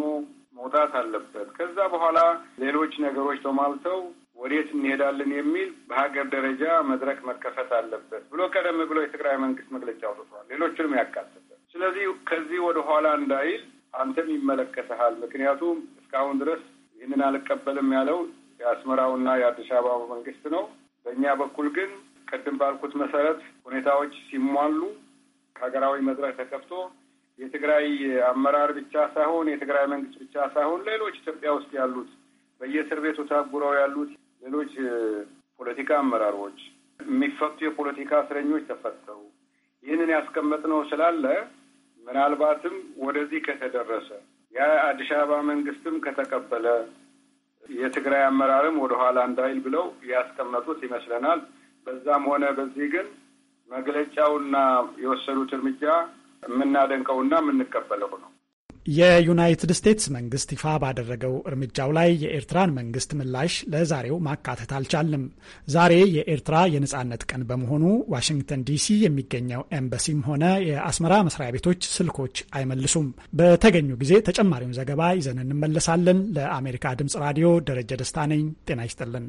መውጣት አለበት። ከዛ በኋላ ሌሎች ነገሮች ተሟልተው ወዴት እንሄዳለን የሚል በሀገር ደረጃ መድረክ መከፈት አለበት ብሎ ቀደም ብሎ የትግራይ መንግስት መግለጫ አውጥቷል። ሌሎችንም ያካተተ ስለዚህ ከዚህ ወደ ኋላ እንዳይል አንተም ይመለከተሃል። ምክንያቱም እስካሁን ድረስ ይህንን አልቀበልም ያለው የአስመራውና የአዲስ አበባ መንግስት ነው። በእኛ በኩል ግን ቅድም ባልኩት መሰረት ሁኔታዎች ሲሟሉ ከሀገራዊ መድረክ ተከፍቶ የትግራይ አመራር ብቻ ሳይሆን የትግራይ መንግስት ብቻ ሳይሆን ሌሎች ኢትዮጵያ ውስጥ ያሉት በየእስር ቤቱ ታጉረው ያሉት ሌሎች ፖለቲካ አመራሮች የሚፈቱ የፖለቲካ እስረኞች ተፈተው ይህንን ያስቀመጥነው ስላለ ምናልባትም ወደዚህ ከተደረሰ የአዲስ አበባ መንግስትም ከተቀበለ የትግራይ አመራርም ወደኋላ እንዳይል ብለው ያስቀመጡት ይመስለናል። በዛም ሆነ በዚህ ግን መግለጫውና የወሰዱት እርምጃ የምናደንቀውና የምንቀበለው ነው። የዩናይትድ ስቴትስ መንግስት ይፋ ባደረገው እርምጃው ላይ የኤርትራን መንግስት ምላሽ ለዛሬው ማካተት አልቻለም። ዛሬ የኤርትራ የነጻነት ቀን በመሆኑ ዋሽንግተን ዲሲ የሚገኘው ኤምባሲም ሆነ የአስመራ መስሪያ ቤቶች ስልኮች አይመልሱም። በተገኙ ጊዜ ተጨማሪውን ዘገባ ይዘን እንመለሳለን። ለአሜሪካ ድምጽ ራዲዮ ደረጀ ደስታ ነኝ። ጤና ይስጥልን።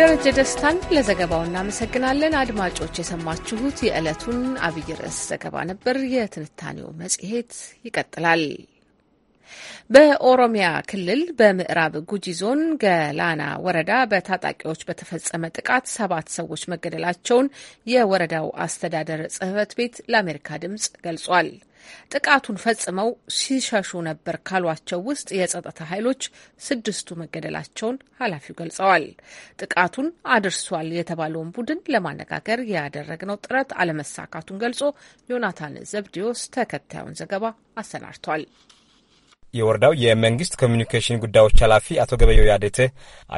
ደረጀ ደስታን ለዘገባው እናመሰግናለን። አድማጮች የሰማችሁት የዕለቱን አብይ ርዕስ ዘገባ ነበር። የትንታኔው መጽሔት ይቀጥላል። በኦሮሚያ ክልል በምዕራብ ጉጂ ዞን ገላና ወረዳ በታጣቂዎች በተፈጸመ ጥቃት ሰባት ሰዎች መገደላቸውን የወረዳው አስተዳደር ጽሕፈት ቤት ለአሜሪካ ድምጽ ገልጿል። ጥቃቱን ፈጽመው ሲሸሹ ነበር ካሏቸው ውስጥ የጸጥታ ኃይሎች ስድስቱ መገደላቸውን ኃላፊው ገልጸዋል። ጥቃቱን አድርሷል የተባለውን ቡድን ለማነጋገር ያደረግነው ጥረት አለመሳካቱን ገልጾ ዮናታን ዘብዲዮስ ተከታዩን ዘገባ አሰናድቷል። የወረዳው የመንግስት ኮሚኒኬሽን ጉዳዮች ኃላፊ አቶ ገበየው ያደተ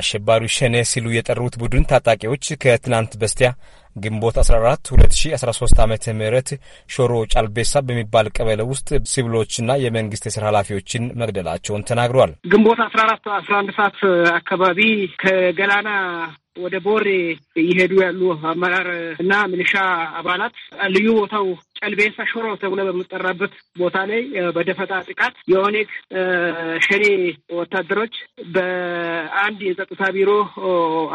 አሸባሪ ሸኔ ሲሉ የጠሩት ቡድን ታጣቂዎች ከትናንት በስቲያ ግንቦት 14 2013 ዓ ም ሾሮ ጫልቤሳ በሚባል ቀበሌ ውስጥ ሲቪሎችና የመንግስት የስራ ኃላፊዎችን መግደላቸውን ተናግሯል። ግንቦት 14 11 ሰዓት አካባቢ ከገላና ወደ ቦሬ እየሄዱ ያሉ አመራር እና ሚሊሻ አባላት ልዩ ቦታው ቀልቤሳ ሾሮ ተብሎ በምጠራበት ቦታ ላይ በደፈጣ ጥቃት የኦኔግ ሸኔ ወታደሮች በአንድ የጸጥታ ቢሮ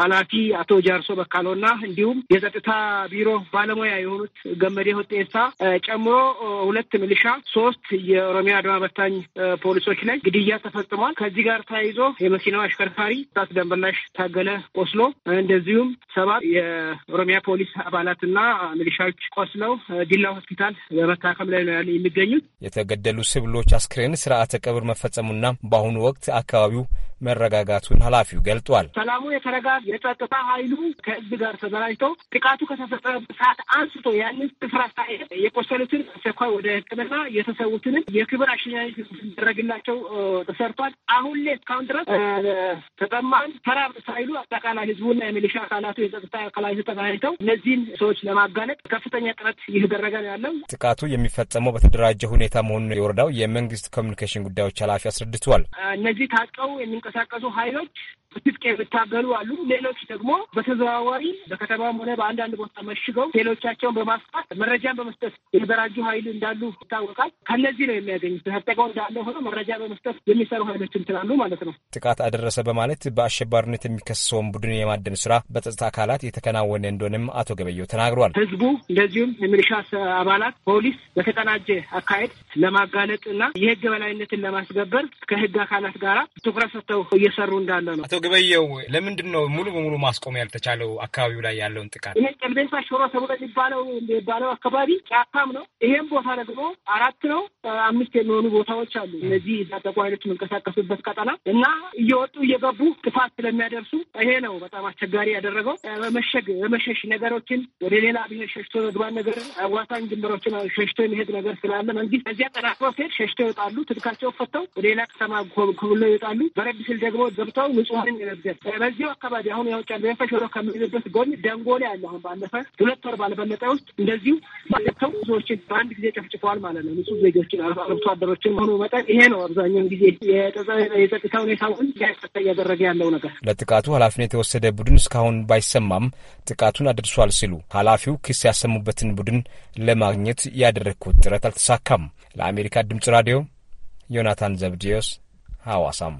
ኃላፊ አቶ ጃርሶ በካሎ እንዲሁም የጸጥታ ቢሮ ባለሙያ የሆኑት ገመዴ ሆጤሳ ጨምሮ ሁለት ሚሊሻ፣ ሶስት የኦሮሚያ አድማ በታኝ ፖሊሶች ላይ ግድያ ተፈጽሟል። ከዚህ ጋር ተያይዞ የመኪናው አሽከርካሪ ጣት ደንበላሽ ታገለ ቆስሎ እንደዚሁም ሰባት የኦሮሚያ ፖሊስ አባላትና ሚሊሻዎች ቆስለው ዲላ ሆስፒታል ሆስፒታል በመታከም ላይ ነው የሚገኙት። የተገደሉ ስብሎች አስክሬን ስርዓተ ቀብር መፈጸሙና በአሁኑ ወቅት አካባቢው መረጋጋቱን ኃላፊው ገልጧል። ሰላሙ የተረጋ የጸጥታ ኃይሉ ከህዝብ ጋር ተዘራጅቶ ጥቃቱ ከተፈጸመ ሰዓት አንስቶ ያንን ስፍራ ሳይል የቆሰሉትን አስቸኳይ ወደ ሕክምና የተሰዉትንም የክብር አሸኛኘት ሲደረግላቸው ተሰርቷል። አሁን ላይ እስካሁን ድረስ ተጠማን ተራ ሳይሉ አጠቃላይ ህዝቡና የሚሊሻ አካላቱ የጸጥታ አካላት ተደራጅተው እነዚህን ሰዎች ለማጋለጥ ከፍተኛ ጥረት እየተደረገ ነው ያለው። ጥቃቱ የሚፈጸመው በተደራጀ ሁኔታ መሆኑን የወረዳው የመንግስት ኮሚኒኬሽን ጉዳዮች ኃላፊ አስረድቷል። እነዚህ ታቀው የሚንቀ የሚንቀሳቀሱ ሀይሎች ትጥቅ የሚታገሉ አሉ። ሌሎች ደግሞ በተዘዋዋሪ በከተማም ሆነ በአንዳንድ ቦታ መሽገው ሌሎቻቸውን በማስፋት መረጃን በመስጠት የተደራጁ ኃይል እንዳሉ ይታወቃል። ከነዚህ ነው የሚያገኙ ተጠቀው እንዳለ ሆኖ መረጃ በመስጠት የሚሰሩ ኃይሎች እንትናሉ ማለት ነው። ጥቃት አደረሰ በማለት በአሸባሪነት የሚከሰሰውን ቡድን የማደን ስራ በጸጥታ አካላት የተከናወነ እንደሆነም አቶ ገበየው ተናግሯል። ህዝቡ እንደዚሁም የሚሊሻ አባላት፣ ፖሊስ በተቀናጀ አካሄድ ለማጋለጥ እና የህግ በላይነትን ለማስገበር ከህግ አካላት ጋር ትኩረት ሰጥተው እየሰሩ እንዳለ ነው። ገበየው ለምንድን ነው ሙሉ በሙሉ ማስቆም ያልተቻለው? አካባቢው ላይ ያለውን ጥቃት ይሄ ጨልቤሳ ሾሮ ተብሎ የሚባለው የሚባለው አካባቢ ጫካም ነው። ይሄም ቦታ ደግሞ አራት ነው አምስት የሚሆኑ ቦታዎች አሉ። እነዚህ የታጠቁ ኃይሎች የሚንቀሳቀሱበት ቀጠና እና እየወጡ እየገቡ ጥፋት ስለሚያደርሱ ይሄ ነው በጣም አስቸጋሪ ያደረገው። በመሸግ በመሸሽ ነገሮችን ወደ ሌላ ብሄር ሸሽቶ መግባት ነገር አዋሳኝ ድንበሮችን ሸሽቶ የሚሄድ ነገር ስላለ መንግስት ከዚያ ጠናክሮ ሲሄድ ሸሽቶ ይወጣሉ። ትጥቃቸው ፈተው ወደ ሌላ ከተማ ኮብሎ ይወጣሉ። በረድ ስል ደግሞ ገብተው ንጹሐን አሁንም የመብጀት በዚሁ አካባቢ አሁን ያው መንፈሽ ወደ ከሚልበት ጎን ደንጎላ ያለ አሁን ባለፈ ሁለት ወር ባልበለጠ ውስጥ እንደዚሁ ሰው ብዙዎችን በአንድ ጊዜ ጨፍጭፈዋል ማለት ነው። ንጹህ ዜጎችን አርብቶ አደሮችን መሆኑ መጠን ይሄ ነው አብዛኛውን ጊዜ የጸጥታ ሁኔታውን ያሰጠ እያደረገ ያለው ነገር። ለጥቃቱ ኃላፊነት የተወሰደ ቡድን እስካሁን ባይሰማም ጥቃቱን አድርሷል ሲሉ ኃላፊው ክስ ያሰሙበትን ቡድን ለማግኘት ያደረግኩት ጥረት አልተሳካም። ለአሜሪካ ድምጽ ራዲዮ ዮናታን ዘብድዮስ ሐዋሳም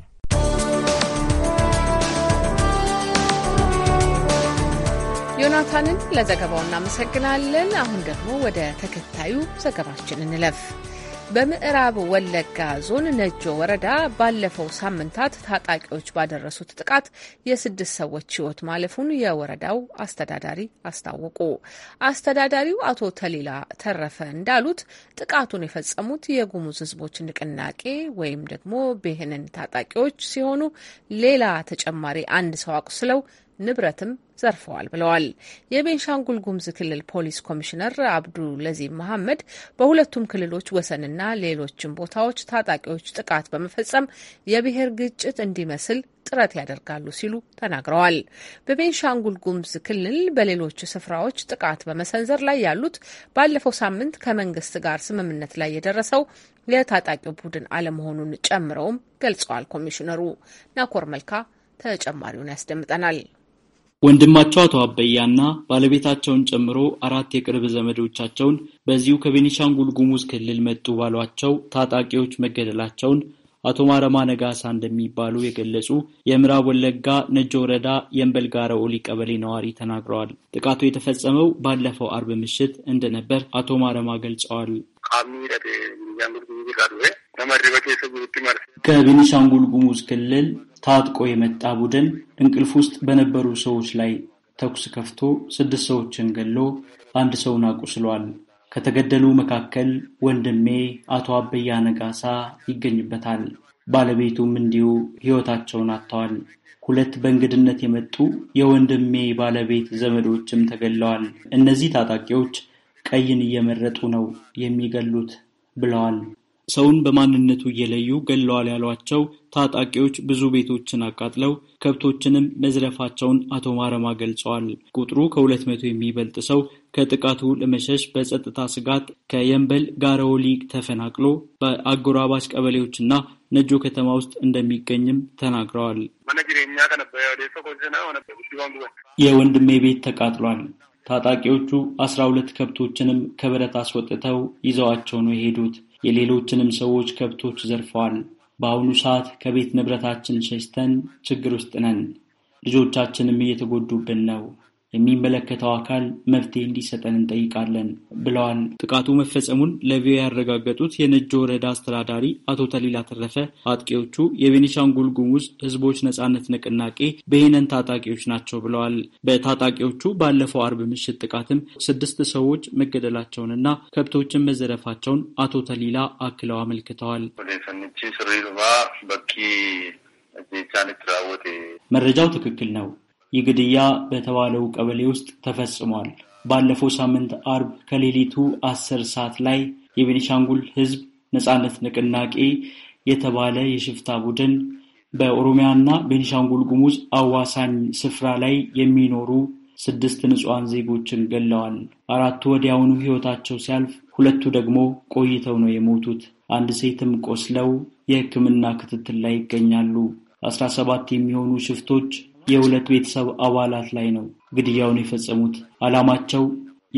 ዮናታንን ለዘገባው እናመሰግናለን። አሁን ደግሞ ወደ ተከታዩ ዘገባችን እንለፍ። በምዕራብ ወለጋ ዞን ነጆ ወረዳ ባለፈው ሳምንታት ታጣቂዎች ባደረሱት ጥቃት የስድስት ሰዎች ሕይወት ማለፉን የወረዳው አስተዳዳሪ አስታወቁ። አስተዳዳሪው አቶ ተሊላ ተረፈ እንዳሉት ጥቃቱን የፈጸሙት የጉሙዝ ሕዝቦች ንቅናቄ ወይም ደግሞ ብህንን ታጣቂዎች ሲሆኑ ሌላ ተጨማሪ አንድ ሰው አቁስለው ንብረትም ዘርፈዋል ብለዋል። የቤንሻንጉል ጉሙዝ ክልል ፖሊስ ኮሚሽነር አብዱ ለዚብ መሐመድ በሁለቱም ክልሎች ወሰንና ሌሎችም ቦታዎች ታጣቂዎች ጥቃት በመፈጸም የብሔር ግጭት እንዲመስል ጥረት ያደርጋሉ ሲሉ ተናግረዋል። በቤንሻንጉል ጉሙዝ ክልል በሌሎች ስፍራዎች ጥቃት በመሰንዘር ላይ ያሉት ባለፈው ሳምንት ከመንግስት ጋር ስምምነት ላይ የደረሰው የታጣቂው ቡድን አለመሆኑን ጨምረውም ገልጸዋል። ኮሚሽነሩ ናኮር መልካ ተጨማሪውን ያስደምጠናል። ወንድማቸው አቶ አበያና ባለቤታቸውን ጨምሮ አራት የቅርብ ዘመዶቻቸውን በዚሁ ከቤኒሻንጉል ጉሙዝ ክልል መጡ ባሏቸው ታጣቂዎች መገደላቸውን አቶ ማረማ ነጋሳ እንደሚባሉ የገለጹ የምዕራብ ወለጋ ነጆ ወረዳ የእንበልጋረ ኦሊ ቀበሌ ነዋሪ ተናግረዋል። ጥቃቱ የተፈጸመው ባለፈው አርብ ምሽት እንደነበር አቶ ማረማ ገልጸዋል። ከቤኒሻንጉል ጉሙዝ ክልል ታጥቆ የመጣ ቡድን እንቅልፍ ውስጥ በነበሩ ሰዎች ላይ ተኩስ ከፍቶ ስድስት ሰዎችን ገሎ አንድ ሰውን አቁስሏል። ከተገደሉ መካከል ወንድሜ አቶ አበያ ነጋሳ ይገኝበታል። ባለቤቱም እንዲሁ ሕይወታቸውን አጥተዋል። ሁለት በእንግድነት የመጡ የወንድሜ ባለቤት ዘመዶችም ተገለዋል። እነዚህ ታጣቂዎች ቀይን እየመረጡ ነው የሚገሉት ብለዋል ሰውን በማንነቱ እየለዩ ገለዋል ያሏቸው ታጣቂዎች ብዙ ቤቶችን አቃጥለው ከብቶችንም መዝረፋቸውን አቶ ማረማ ገልጸዋል። ቁጥሩ ከሁለት መቶ የሚበልጥ ሰው ከጥቃቱ ለመሸሽ በጸጥታ ስጋት ከየምበል ጋረወሊ ተፈናቅሎ በአጎራባች ቀበሌዎችና ነጆ ከተማ ውስጥ እንደሚገኝም ተናግረዋል። የወንድሜ ቤት ተቃጥሏል። ታጣቂዎቹ አስራ ሁለት ከብቶችንም ከበረት አስወጥተው ይዘዋቸው ነው የሄዱት የሌሎችንም ሰዎች ከብቶች ዘርፈዋል። በአሁኑ ሰዓት ከቤት ንብረታችን ሸሽተን ችግር ውስጥ ነን። ልጆቻችንም እየተጎዱብን ነው። የሚመለከተው አካል መፍትሄ እንዲሰጠን እንጠይቃለን ብለዋል። ጥቃቱ መፈጸሙን ለቪኦኤ ያረጋገጡት የነጆ ወረዳ አስተዳዳሪ አቶ ተሊላ ተረፈ አጥቂዎቹ የቤኒሻንጉል ጉሙዝ ህዝቦች ነጻነት ንቅናቄ በሄነን ታጣቂዎች ናቸው ብለዋል። በታጣቂዎቹ ባለፈው አርብ ምሽት ጥቃትም ስድስት ሰዎች መገደላቸውንና ከብቶችን መዘረፋቸውን አቶ ተሊላ አክለው አመልክተዋል። መረጃው ትክክል ነው። ይህ ግድያ በተባለው ቀበሌ ውስጥ ተፈጽሟል። ባለፈው ሳምንት አርብ ከሌሊቱ አስር ሰዓት ላይ የቤኒሻንጉል ሕዝብ ነጻነት ንቅናቄ የተባለ የሽፍታ ቡድን በኦሮሚያና ቤኒሻንጉል ጉሙዝ አዋሳኝ ስፍራ ላይ የሚኖሩ ስድስት ንጹሐን ዜጎችን ገለዋል። አራቱ ወዲያውኑ ሕይወታቸው ሲያልፍ፣ ሁለቱ ደግሞ ቆይተው ነው የሞቱት። አንድ ሴትም ቆስለው የህክምና ክትትል ላይ ይገኛሉ። አስራ ሰባት የሚሆኑ ሽፍቶች የሁለት ቤተሰብ አባላት ላይ ነው ግድያውን የፈጸሙት። ዓላማቸው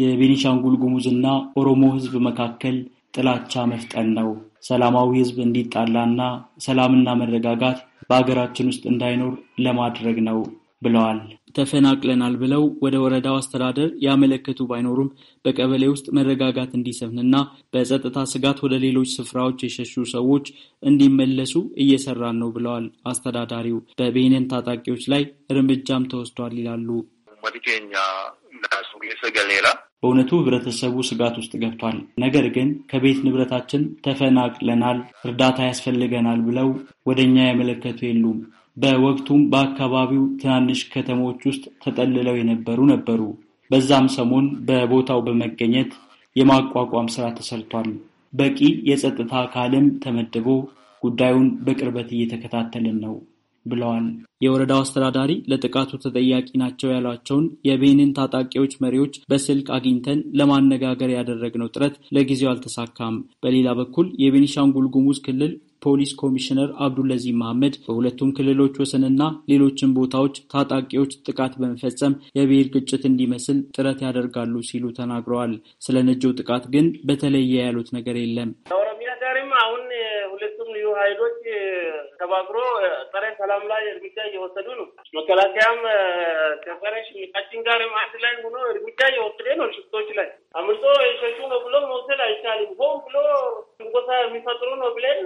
የቤኒሻንጉል ጉሙዝና ኦሮሞ ህዝብ መካከል ጥላቻ መፍጠን ነው። ሰላማዊ እንዲጣላ እንዲጣላና ሰላምና መረጋጋት በሀገራችን ውስጥ እንዳይኖር ለማድረግ ነው ብለዋል። ተፈናቅለናል ብለው ወደ ወረዳው አስተዳደር ያመለከቱ ባይኖሩም በቀበሌ ውስጥ መረጋጋት እንዲሰፍንና በጸጥታ ስጋት ወደ ሌሎች ስፍራዎች የሸሹ ሰዎች እንዲመለሱ እየሰራን ነው ብለዋል። አስተዳዳሪው በቤኒን ታጣቂዎች ላይ እርምጃም ተወስዷል ይላሉ። በእውነቱ ህብረተሰቡ ስጋት ውስጥ ገብቷል። ነገር ግን ከቤት ንብረታችን ተፈናቅለናል፣ እርዳታ ያስፈልገናል ብለው ወደ እኛ ያመለከቱ የሉም። በወቅቱም በአካባቢው ትናንሽ ከተሞች ውስጥ ተጠልለው የነበሩ ነበሩ። በዛም ሰሞን በቦታው በመገኘት የማቋቋም ስራ ተሰርቷል። በቂ የጸጥታ አካልም ተመድቦ ጉዳዩን በቅርበት እየተከታተልን ነው። ብለዋል። የወረዳው አስተዳዳሪ ለጥቃቱ ተጠያቂ ናቸው ያሏቸውን የቤኒን ታጣቂዎች መሪዎች በስልክ አግኝተን ለማነጋገር ያደረግነው ጥረት ለጊዜው አልተሳካም። በሌላ በኩል የቤኒሻንጉል ጉሙዝ ክልል ፖሊስ ኮሚሽነር አብዱለዚህ መሐመድ በሁለቱም ክልሎች ወሰንና ሌሎችን ቦታዎች ታጣቂዎች ጥቃት በመፈጸም የብሔር ግጭት እንዲመስል ጥረት ያደርጋሉ ሲሉ ተናግረዋል። ስለ ነጆው ጥቃት ግን በተለየ ያሉት ነገር የለም። ተባብሮ ጸረ ሰላም ላይ እርምጃ እየወሰዱ ነው። መከላከያም ከጸረ ሽሚቃችን ጋር አንድ ላይ ሆኖ እርምጃ እየወሰደ ነው። ሽፍቶች ላይ አምልጦ የሸሹ ነው ብሎ መውሰድ አይቻልም። ሆን ብሎ ትንኮሳ የሚፈጥሩ ነው ብለን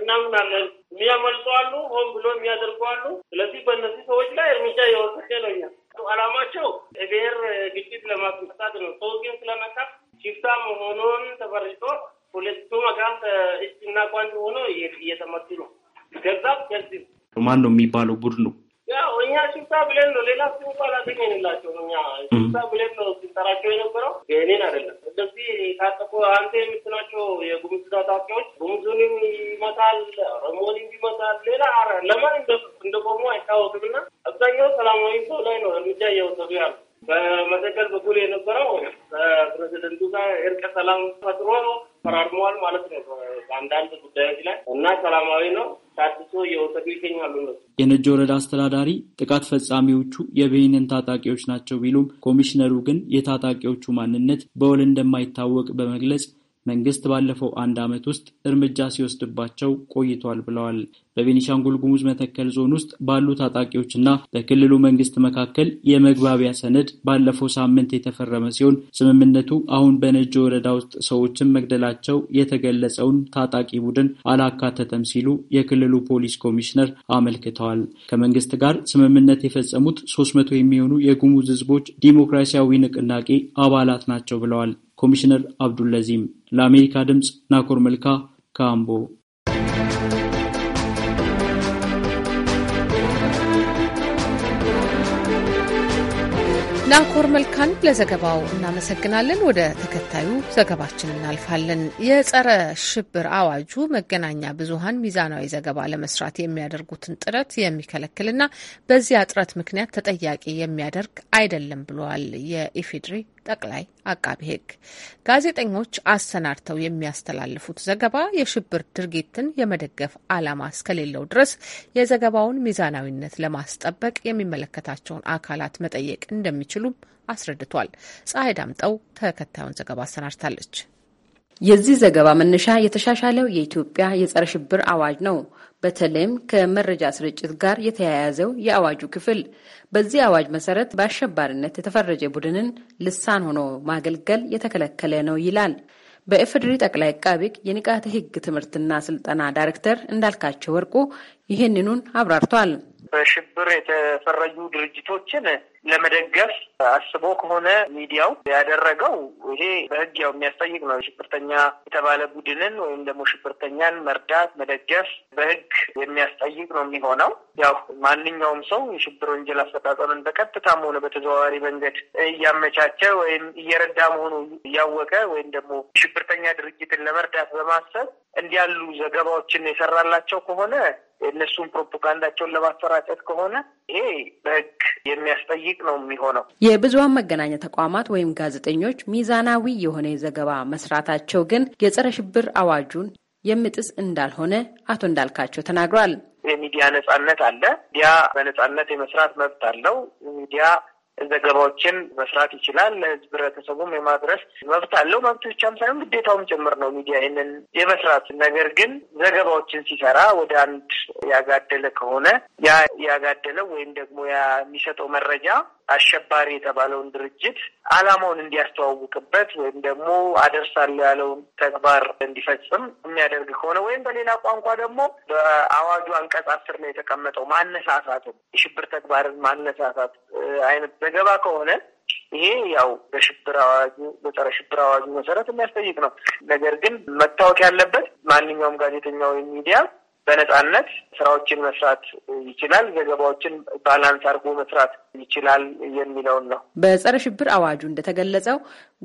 እናምናለን። የሚያመልጡ አሉ፣ ሆን ብሎ የሚያደርጉ አሉ። ስለዚህ በእነዚህ ሰዎች ላይ እርምጃ እየወሰደ ነው። እኛ አላማቸው የብሔር ግጭት ለማስመጣት ነው። ሰው ግን ሽፍታ መሆኑን ተፈርጅቶ ሁለቱም መካፍ እጅና ጓንት ሆኖ እየተመቱ ነው። ገዛም ከዚህ ማን ነው የሚባለው ቡድኑ? ያው እኛ ሽፍታ ብለን ነው። ሌላ ስም እኮ አላገኘንላቸውም። እኛ ሽፍታ ብለን ነው ስንጠራቸው የነበረው የእኔን አይደለም። እንደዚህ ታጠቁ አንተ የምትላቸው የጉሙዝ ታጣቂዎች ጉሙዙንም ይመታል፣ ኦሮሞንም ይመታል። ሌላ ለማን እንደቆሙ አይታወቅም። እና አብዛኛው ሰላማዊ ሰው ላይ ነው እርምጃ እየወሰዱ ያሉ በመተከል በኩል የነበረው ከፕሬዚደንቱ ጋር እርቀ ሰላም ፈጥሮ ፈራርመዋል ማለት ነው። በአንዳንድ ጉዳዮች ላይ እና ሰላማዊ ነው ታድሶ እየወሰዱ ይገኛሉ። ነው የነጆ ወረዳ አስተዳዳሪ ጥቃት ፈጻሚዎቹ የብሄንን ታጣቂዎች ናቸው ቢሉም ኮሚሽነሩ ግን የታጣቂዎቹ ማንነት በውል እንደማይታወቅ በመግለጽ መንግስት ባለፈው አንድ ዓመት ውስጥ እርምጃ ሲወስድባቸው ቆይቷል ብለዋል። በቤኒሻንጉል ጉሙዝ መተከል ዞን ውስጥ ባሉ ታጣቂዎችና በክልሉ መንግስት መካከል የመግባቢያ ሰነድ ባለፈው ሳምንት የተፈረመ ሲሆን ስምምነቱ አሁን በነጆ ወረዳ ውስጥ ሰዎችን መግደላቸው የተገለጸውን ታጣቂ ቡድን አላካተተም ሲሉ የክልሉ ፖሊስ ኮሚሽነር አመልክተዋል። ከመንግስት ጋር ስምምነት የፈጸሙት ሶስት መቶ የሚሆኑ የጉሙዝ ህዝቦች ዲሞክራሲያዊ ንቅናቄ አባላት ናቸው ብለዋል ኮሚሽነር አብዱለዚም ለአሜሪካ ድምፅ ናኮር መልካ ከአምቦ ናኮር መልካን ለዘገባው እናመሰግናለን። ወደ ተከታዩ ዘገባችን እናልፋለን። የጸረ ሽብር አዋጁ መገናኛ ብዙኃን ሚዛናዊ ዘገባ ለመስራት የሚያደርጉትን ጥረት የሚከለክልና በዚያ ጥረት ምክንያት ተጠያቂ የሚያደርግ አይደለም ብለዋል የኢፌድሪ ጠቅላይ አቃቤ ሕግ ጋዜጠኞች አሰናድተው የሚያስተላልፉት ዘገባ የሽብር ድርጊትን የመደገፍ ዓላማ እስከሌለው ድረስ የዘገባውን ሚዛናዊነት ለማስጠበቅ የሚመለከታቸውን አካላት መጠየቅ እንደሚችሉም አስረድቷል። ፀሐይ ዳምጠው ተከታዩን ዘገባ አሰናድታለች። የዚህ ዘገባ መነሻ የተሻሻለው የኢትዮጵያ የጸረ ሽብር አዋጅ ነው። በተለይም ከመረጃ ስርጭት ጋር የተያያዘው የአዋጁ ክፍል በዚህ አዋጅ መሰረት በአሸባሪነት የተፈረጀ ቡድንን ልሳን ሆኖ ማገልገል የተከለከለ ነው ይላል። በኢፌዴሪ ጠቅላይ ቃቢቅ ሕግ የንቃተ ሕግ ትምህርትና ስልጠና ዳይሬክተር እንዳልካቸው ወርቁ ይህንኑን አብራርቷል። በሽብር የተፈረጁ ድርጅቶችን ለመደገፍ አስቦ ከሆነ ሚዲያው ያደረገው ይሄ በሕግ ያው የሚያስጠይቅ ነው። ሽብርተኛ የተባለ ቡድንን ወይም ደግሞ ሽብርተኛን መርዳት፣ መደገፍ በሕግ የሚያስጠይቅ ነው የሚሆነው። ያው ማንኛውም ሰው የሽብር ወንጀል አፈጣጠምን በቀጥታም ሆነ በተዘዋዋሪ መንገድ እያመቻቸ ወይም እየረዳ መሆኑ እያወቀ ወይም ደግሞ ሽብርተኛ ድርጅትን ለመርዳት በማሰብ እንዲያሉ ዘገባዎችን የሰራላቸው ከሆነ የእነሱን ፕሮፓጋንዳቸውን ለማሰራጨት ከሆነ ይሄ በህግ የሚያስጠይቅ ነው የሚሆነው። የብዙሀን መገናኛ ተቋማት ወይም ጋዜጠኞች ሚዛናዊ የሆነ ዘገባ መስራታቸው ግን የጸረ ሽብር አዋጁን የምጥስ እንዳልሆነ አቶ እንዳልካቸው ተናግሯል። የሚዲያ ነጻነት አለ። ሚዲያ በነጻነት የመስራት መብት አለው። ሚዲያ ዘገባዎችን መስራት ይችላል። ህብረተሰቡም የማድረስ መብት አለው። መብት ብቻም ሳይሆን ግዴታውም ጭምር ነው ሚዲያ ይህንን የመስራት ነገር ግን ዘገባዎችን ሲሰራ ወደ አንድ ያጋደለ ከሆነ ያ ያጋደለው ወይም ደግሞ የሚሰጠው መረጃ አሸባሪ የተባለውን ድርጅት ዓላማውን እንዲያስተዋውቅበት ወይም ደግሞ አደርሳለሁ ያለውን ተግባር እንዲፈጽም የሚያደርግ ከሆነ ወይም በሌላ ቋንቋ ደግሞ በአዋጁ አንቀጽ አስር ነው የተቀመጠው ማነሳሳት የሽብር ተግባርን ማነሳሳት አይነት ዘገባ ከሆነ ይሄ ያው በሽብር አዋጁ በጸረ ሽብር አዋጁ መሰረት የሚያስጠይቅ ነው። ነገር ግን መታወቅ ያለበት ማንኛውም ጋዜጠኛ ወይም ሚዲያ በነጻነት ስራዎችን መስራት ይችላል፣ ዘገባዎችን ባላንስ አድርጎ መስራት ይችላል የሚለውን ነው። በጸረ ሽብር አዋጁ እንደተገለጸው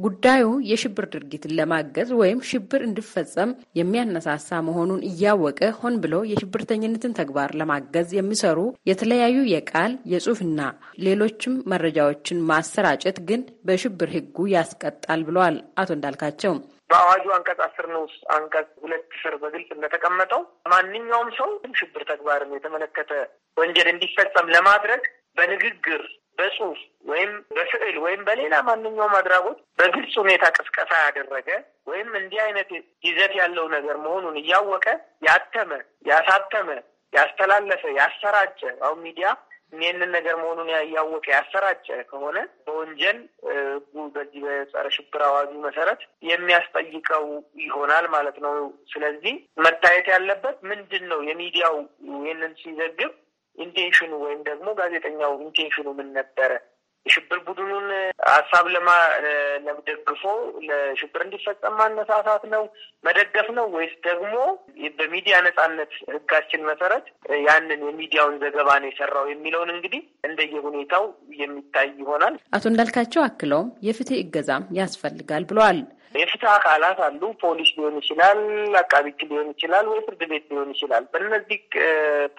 ጉዳዩ የሽብር ድርጊትን ለማገዝ ወይም ሽብር እንዲፈጸም የሚያነሳሳ መሆኑን እያወቀ ሆን ብሎ የሽብርተኝነትን ተግባር ለማገዝ የሚሰሩ የተለያዩ የቃል የጽሁፍና ሌሎችም መረጃዎችን ማሰራጨት ግን በሽብር ሕጉ ያስቀጣል ብለዋል አቶ እንዳልካቸው። በአዋጁ አንቀጽ አስር ንዑስ አንቀጽ ሁለት ስር በግልጽ እንደተቀመጠው ማንኛውም ሰው ሽብር ተግባርን የተመለከተ ወንጀል እንዲፈጸም ለማድረግ በንግግር በጽሁፍ ወይም በስዕል ወይም በሌላ ማንኛውም አድራጎት በግልጽ ሁኔታ ቅስቀሳ ያደረገ ወይም እንዲህ አይነት ይዘት ያለው ነገር መሆኑን እያወቀ ያተመ፣ ያሳተመ፣ ያስተላለፈ፣ ያሰራጨ አሁን ሚዲያ ይህንን ነገር መሆኑን ያወቀ ያሰራጨ ከሆነ በወንጀል በዚህ በጸረ ሽብር አዋጁ መሰረት የሚያስጠይቀው ይሆናል ማለት ነው። ስለዚህ መታየት ያለበት ምንድን ነው? የሚዲያው ይህንን ሲዘግብ ኢንቴንሽኑ ወይም ደግሞ ጋዜጠኛው ኢንቴንሽኑ ምን ነበረ? የሽብር ቡድኑን ሀሳብ ለማ ለመደግፎ ለሽብር እንዲፈጸም ማነሳሳት ነው መደገፍ ነው ወይስ ደግሞ በሚዲያ ነጻነት ህጋችን መሰረት ያንን የሚዲያውን ዘገባ ነው የሰራው የሚለውን እንግዲህ እንደየሁኔታው የሚታይ ይሆናል። አቶ እንዳልካቸው አክለውም የፍትህ እገዛም ያስፈልጋል ብለዋል። የፍትህ አካላት አሉ። ፖሊስ ሊሆን ይችላል፣ አቃቢት ሊሆን ይችላል፣ ወይ ፍርድ ቤት ሊሆን ይችላል። በእነዚህ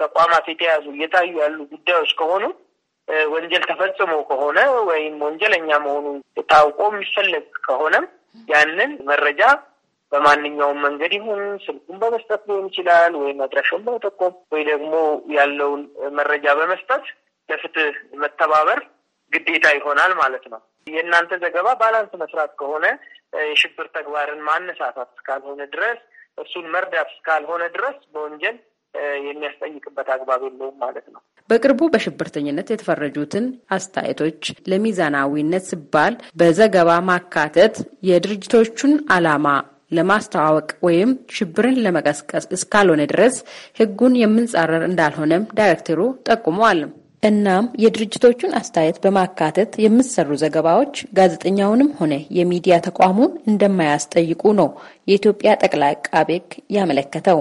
ተቋማት የተያዙ እየታዩ ያሉ ጉዳዮች ከሆኑ ወንጀል ተፈጽሞ ከሆነ ወይም ወንጀለኛ መሆኑ ታውቆ የሚፈለግ ከሆነም ያንን መረጃ በማንኛውም መንገድ ይሁን ስልኩን በመስጠት ሊሆን ይችላል፣ ወይም አድራሻውን በመጠቆም ወይ ደግሞ ያለውን መረጃ በመስጠት ለፍትህ መተባበር ግዴታ ይሆናል ማለት ነው። የእናንተ ዘገባ ባላንስ መስራት ከሆነ የሽብር ተግባርን ማነሳሳት እስካልሆነ ድረስ እሱን መርዳት እስካልሆነ ድረስ በወንጀል የሚያስጠይቅበት አግባብ የለውም ማለት ነው። በቅርቡ በሽብርተኝነት የተፈረጁትን አስተያየቶች ለሚዛናዊነት ሲባል በዘገባ ማካተት የድርጅቶቹን ዓላማ ለማስተዋወቅ ወይም ሽብርን ለመቀስቀስ እስካልሆነ ድረስ ሕጉን የምንጻረር እንዳልሆነም ዳይሬክተሩ ጠቁመዋል። እናም የድርጅቶቹን አስተያየት በማካተት የሚሰሩ ዘገባዎች ጋዜጠኛውንም ሆነ የሚዲያ ተቋሙን እንደማያስጠይቁ ነው የኢትዮጵያ ጠቅላይ አቃቤ ሕግ ያመለከተው።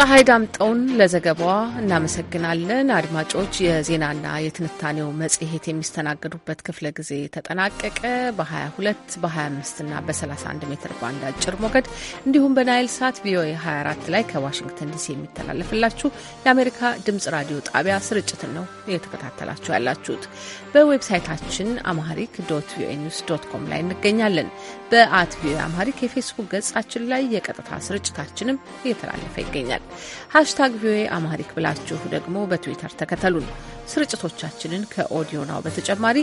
ፀሐይ ዳምጠውን ለዘገባዋ እናመሰግናለን። አድማጮች፣ የዜናና የትንታኔው መጽሔት የሚስተናገዱበት ክፍለ ጊዜ ተጠናቀቀ። በ22 በ25 እና በ31 ሜትር ባንድ አጭር ሞገድ እንዲሁም በናይል ሳት ቪኦኤ 24 ላይ ከዋሽንግተን ዲሲ የሚተላለፍላችሁ የአሜሪካ ድምጽ ራዲዮ ጣቢያ ስርጭትን ነው እየተከታተላችሁ ያላችሁት። በዌብሳይታችን አማሪክ ዶት ቪኦኤ ኒውስ ዶት ኮም ላይ እንገኛለን። በአት ቪኦኤ አምሃሪክ የፌስቡክ ገጻችን ላይ የቀጥታ ስርጭታችንም እየተላለፈ ይገኛል። ሀሽታግ ቪኦኤ አማሪክ ብላችሁ ደግሞ በትዊተር ተከተሉን። ስርጭቶቻችንን ከኦዲዮ ናው በተጨማሪ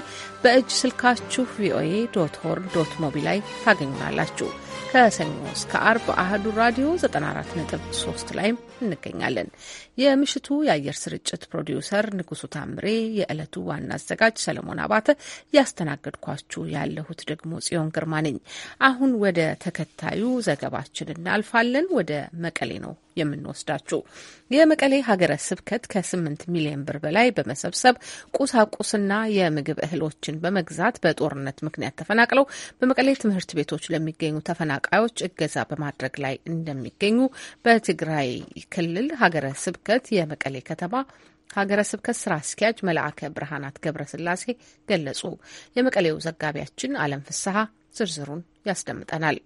በእጅ ስልካችሁ ቪኦኤ ዶት ሆርን ዶት ሞቢ ላይ ታገኙናላችሁ። ከሰኞ እስከ አርብ አህዱ ራዲዮ 94.3 ላይም እንገኛለን። የምሽቱ የአየር ስርጭት ፕሮዲውሰር ንጉሱ ታምሬ፣ የዕለቱ ዋና አዘጋጅ ሰለሞን አባተ፣ እያስተናገድኳችሁ ያለሁት ደግሞ ጽዮን ግርማ ነኝ። አሁን ወደ ተከታዩ ዘገባችን እናልፋለን። ወደ መቀሌ ነው የምንወስዳችሁ። የመቀሌ ሀገረ ስብከት ከስምንት ሚሊዮን ብር በላይ በመሰብሰብ ቁሳቁስና የምግብ እህሎችን በመግዛት በጦርነት ምክንያት ተፈናቅለው በመቀሌ ትምህርት ቤቶች ለሚገኙ ተፈናቃዮች እገዛ በማድረግ ላይ እንደሚገኙ በትግራይ ክልል ሀገረ ስብከት የመቀሌ ከተማ ሀገረ ስብከት ስራ አስኪያጅ መልአከ ብርሃናት ገብረስላሴ ገለጹ። የመቀሌው ዘጋቢያችን አለም ፍስሀ ዝርዝሩን ያስደምጠናል።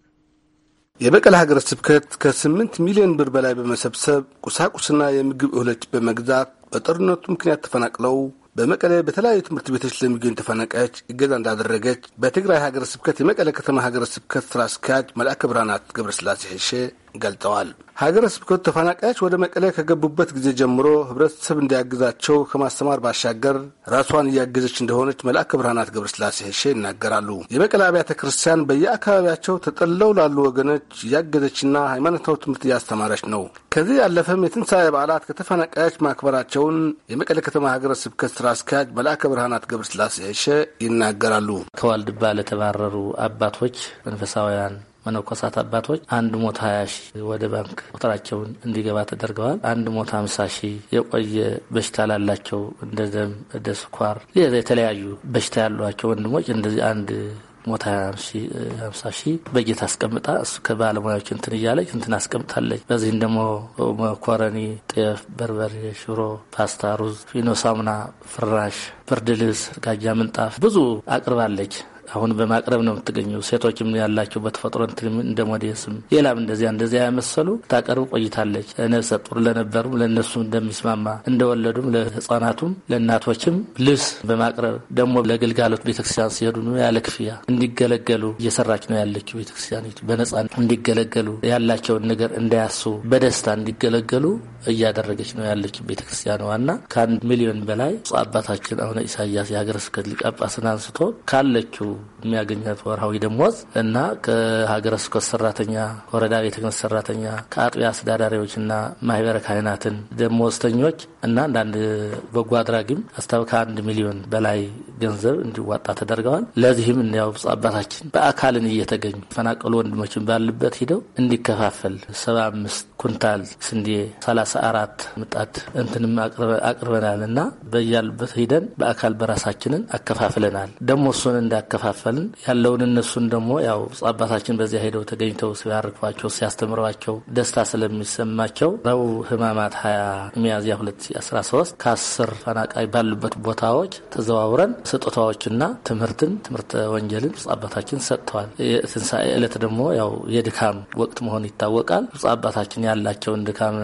የመቀለ ሀገረ ስብከት ከስምንት ሚሊዮን ብር በላይ በመሰብሰብ ቁሳቁስና የምግብ እህሎች በመግዛት በጦርነቱ ምክንያት ተፈናቅለው በመቀለ በተለያዩ ትምህርት ቤቶች ለሚገኙ ተፈናቃዮች እገዛ እንዳደረገች በትግራይ ሀገረ ስብከት የመቀለ ከተማ ሀገረ ስብከት ስራ አስኪያጅ መልአከ ብርሃናት ገብረስላሴ ሄሼ ገልጠዋል። ሀገረ ስብከቱ ተፈናቃዮች ወደ መቀለ ከገቡበት ጊዜ ጀምሮ ህብረተሰብ እንዲያግዛቸው ከማስተማር ባሻገር ራሷን እያገዘች እንደሆነች መልአከ ብርሃናት ስላሴ ሄሼ ይናገራሉ። የመቀለ አብያተ ክርስቲያን በየአካባቢያቸው ተጠለው ላሉ ወገኖች እያገዘችና ሃይማኖታዊ ትምህርት እያስተማረች ነው። ከዚህ ያለፈም የትንሣኤ በዓላት ከተፈናቃዮች ማክበራቸውን የመቀለ ከተማ ሀገረ ስብከት ስራ አስኪያጅ መልአከ ብርሃናት ስላሴ ሄሼ ይናገራሉ። ከዋልድባ ለተባረሩ አባቶች መንፈሳውያን መነኮሳት አባቶች አንድ ሞት ሀያ ሺ ወደ ባንክ ቁጥራቸውን እንዲገባ ተደርገዋል። አንድ ሞት ሀምሳ ሺ የቆየ በሽታ ላላቸው እንደ ደም፣ እንደ ስኳር የተለያዩ በሽታ ያሏቸው ወንድሞች እንደዚህ አንድ ሞት ሀምሳ ሺ በጌት አስቀምጣ እሱ ከባለሙያዎች እንትን እያለች እንትን አስቀምጣለች። በዚህም ደግሞ መኮረኒ፣ ጤፍ፣ በርበሬ፣ ሽሮ፣ ፓስታ፣ ሩዝ፣ ፊኖ፣ ሳሙና፣ ፍራሽ፣ ብርድ ልብስ፣ ጋጃ፣ ምንጣፍ ብዙ አቅርባለች። አሁን በማቅረብ ነው የምትገኘው። ሴቶችም ያላቸው በተፈጥሮ እንደ ሞዴስም ሌላም እንደዚያ እንደዚያ ያመሰሉ ታቀርብ ቆይታለች። ነፍሰ ጡር ለነበሩም ለእነሱም እንደሚስማማ እንደወለዱም ለህፃናቱም ለእናቶችም ልብስ በማቅረብ ደግሞ ለግልጋሎት ቤተክርስቲያን ሲሄዱ ያለ ክፍያ እንዲገለገሉ እየሰራች ነው ያለችው። ቤተክርስቲያን በነጻ እንዲገለገሉ ያላቸውን ነገር እንዳያሱ በደስታ እንዲገለገሉ እያደረገች ነው ያለችው ቤተክርስቲያን ዋና ከአንድ ሚሊዮን በላይ አባታችን አሁነ ኢሳያስ የሀገረ ስብከት ሊቀ ጳጳስን አንስቶ ካለችው የሚያገኛት ወርሃዊ ደሞዝ እና ከሀገረ ስብከት ሰራተኛ፣ ወረዳ ቤተ ክህነት ሰራተኛ፣ ከአጥቢያ እና ማህበረ ካህናትን ደሞዝተኞች እና አንዳንድ በጎ አድራጊም አስታው ከአንድ ሚሊዮን በላይ ገንዘብ እንዲዋጣ ተደርገዋል። ለዚህም እንዲያው አባታችን በአካልን እየተገኙ ፈናቀሉ ወንድሞችን ባሉበት ሂደው እንዲከፋፈል ሰባ አምስት ኩንታል ስንዴ ሰላሳ አራት ምጣድ እንትንም አቅርበናል እና በያሉበት ሂደን በአካል በራሳችንን አከፋፍለናል። ደሞሱን እሱን እንዳከፋ እየተካፈልን ያለውን እነሱን ደግሞ ያው አባታችን በዚያ ሄደው ተገኝተው ሲያርግፏቸው ሲያስተምሯቸው ደስታ ስለሚሰማቸው ረቡ ህማማት ሀያ ሚያዝያ ሶስት ከአስር ፈናቃይ ባሉበት ቦታዎች ተዘዋውረን ስጦታዎችና ትምህርትን ትምህርተ ወንጌልን ብፁዕ አባታችን ሰጥተዋል። የትንሣኤ ዕለት ደግሞ ያው የድካም ወቅት መሆኑ ይታወቃል። ብፁዕ አባታችን ያላቸውን ድካም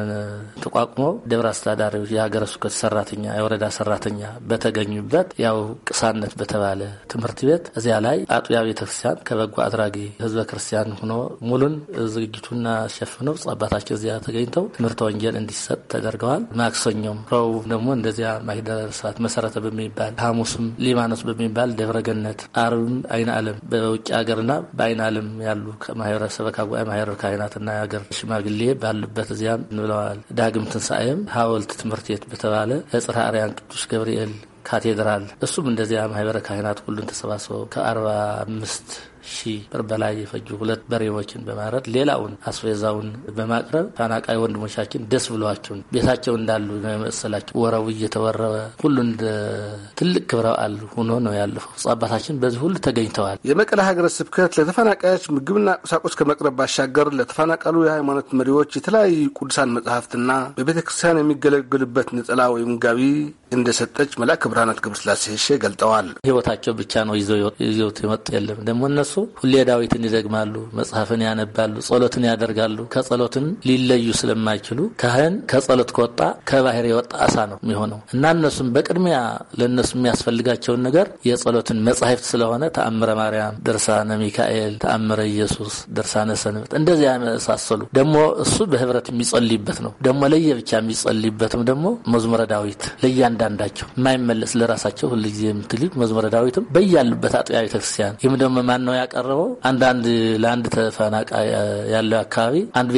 ተቋቁመው ደብረ አስተዳዳሪዎች፣ የሀገረ ስብከት ሰራተኛ፣ የወረዳ ሰራተኛ በተገኙበት ያው ቅሳነት በተባለ ትምህርት ቤት እዚያ መግቢያ ላይ አጥቢያ ቤተክርስቲያን ከበጎ አድራጊ ህዝበ ክርስቲያን ሆኖ ሙሉን ዝግጅቱና ሸፍነው አባታችን እዚያ ተገኝተው ትምህርተ ወንጌል እንዲሰጥ ተደርገዋል። ማክሰኞም ረቡዕ ደግሞ እንደዚያ ማሂደረ ስርዓት መሰረተ በሚባል ሐሙስም ሊማኖስ በሚባል ደብረገነት አርብም አይነ ዓለም በውጭ ሀገርና በአይነ ዓለም ያሉ ማህበረሰበ ካጓ ማህበረ ካህናትና የሀገር ሽማግሌ ባሉበት እዚያም እንብለዋል። ዳግም ትንሣኤም ሀወልት ትምህርት ቤት በተባለ ህጽረ አርያን ቅዱስ ገብርኤል ካቴድራል እሱም እንደዚያ ማህበረ ካህናት ሁሉን ተሰባስበው ከአርባ አምስት ሺህ ብር በላይ የፈጁ ሁለት በሬዎችን በማረድ ሌላውን አስፌዛውን በማቅረብ ተፈናቃይ ወንድሞቻችን ደስ ብሏቸውን ቤታቸው እንዳሉ መሰላቸው ወረቡ እየተወረበ ሁሉ እንደ ትልቅ ክብረ በዓል ሆኖ ነው ያለፈው። አባታችን በዚህ ሁሉ ተገኝተዋል። የመቀለ ሀገረ ስብከት ለተፈናቃዮች ምግብና ቁሳቁስ ከመቅረብ ባሻገር ለተፈናቀሉ የሃይማኖት መሪዎች የተለያዩ ቅዱሳን መጽሐፍትና በቤተ ክርስቲያን የሚገለገሉበት ነጠላ ወይም ጋቢ እንደሰጠች መልአከ ብርሃናት ገብረ ስላሴ ሸ ገልጠዋል። ህይወታቸው ብቻ ነው ይዘው የመጡ የለም ደግሞ እነሱ ሲደርሱ ሁሌ ዳዊትን ይደግማሉ፣ መጽሐፍን ያነባሉ፣ ጸሎትን ያደርጋሉ። ከጸሎትን ሊለዩ ስለማይችሉ ካህን ከጸሎት ከወጣ ከባህር የወጣ አሳ ነው የሚሆነው እና እነሱም በቅድሚያ ለእነሱ የሚያስፈልጋቸውን ነገር የጸሎትን መጽሐፍት ስለሆነ ተአምረ ማርያም፣ ድርሳነ ሚካኤል፣ ተአምረ ኢየሱስ፣ ድርሳነ ሰንበት እንደዚህ ያመሳሰሉ ደግሞ እሱ በህብረት የሚጸልይበት ነው። ደግሞ ለየብቻ የሚጸልይበትም ደግሞ መዝሙረ ዳዊት ለእያንዳንዳቸው የማይመለስ ለራሳቸው ሁልጊዜ የምትል መዝሙረ ዳዊትም በያሉበት አጥቢያ ቤተክርስቲያን ይህም ደግሞ ማን ነው የሚያቀርበው አንዳንድ ለአንድ ተፈናቃይ ያለው አካባቢ አንድ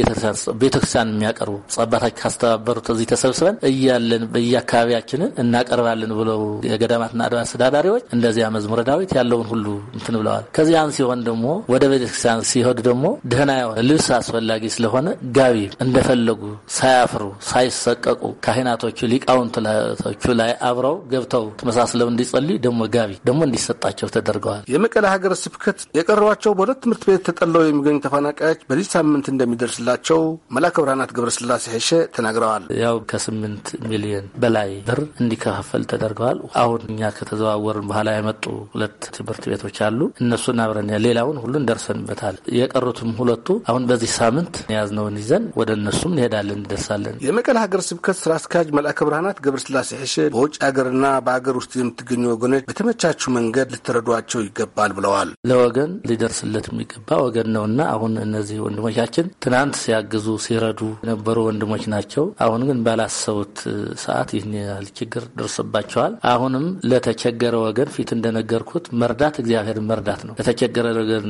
ቤተክርስቲያን የሚያቀርቡ ጸባታችን ካስተባበሩት እዚህ ተሰብስበን እያለን በየአካባቢያችንን እናቀርባለን ብለው የገዳማትና አድባራት አስተዳዳሪዎች እንደዚያ መዝሙረ ዳዊት ያለውን ሁሉ እንትን ብለዋል። ከዚያን ሲሆን ደግሞ ወደ ቤተክርስቲያን ሲሄዱ ደግሞ ደህና የሆነ ልብስ አስፈላጊ ስለሆነ ጋቢ እንደፈለጉ ሳያፍሩ ሳይሰቀቁ ካህናቶቹ ሊቃውንቶቹ ላይ አብረው ገብተው ተመሳስለው እንዲጸልዩ ደግሞ ጋቢ ደግሞ እንዲሰጣቸው ተደርገዋል። የመቀለ ሀገረ ስብከት የቀረቧቸው በሁለት ትምህርት ቤት ተጠለው የሚገኙ ተፈናቃዮች በዚህ ሳምንት እንደሚደርስላቸው መላከ ብርሃናት ገብረስላሴ ሸ ተናግረዋል። ያው ከስምንት ሚሊዮን በላይ ብር እንዲከፋፈል ተደርገዋል። አሁን እኛ ከተዘዋወርን በኋላ የመጡ ሁለት ትምህርት ቤቶች አሉ። እነሱን አብረን ሌላውን ሁሉን ደርሰንበታል። የቀሩትም ሁለቱ አሁን በዚህ ሳምንት የያዝነውን ይዘን ወደ እነሱም እንሄዳለን እንደርሳለን። የመቀለ ሀገር ስብከት ስራ አስኪያጅ መላከ ብርሃናት ገብረስላሴ ሸ በውጭ ሀገርና በሀገር ውስጥ የምትገኙ ወገኖች በተመቻቹ መንገድ ልትረዷቸው ይገባል ብለዋል። ለወገን ወገን ሊደርስለት የሚገባ ወገን ነውና አሁን እነዚህ ወንድሞቻችን ትናንት ሲያግዙ ሲረዱ የነበሩ ወንድሞች ናቸው። አሁን ግን ባላሰቡት ሰዓት ይህን ያህል ችግር ደርስባቸዋል። አሁንም ለተቸገረ ወገን ፊት እንደነገርኩት መርዳት እግዚአብሔርን መርዳት ነው። ለተቸገረ ወገን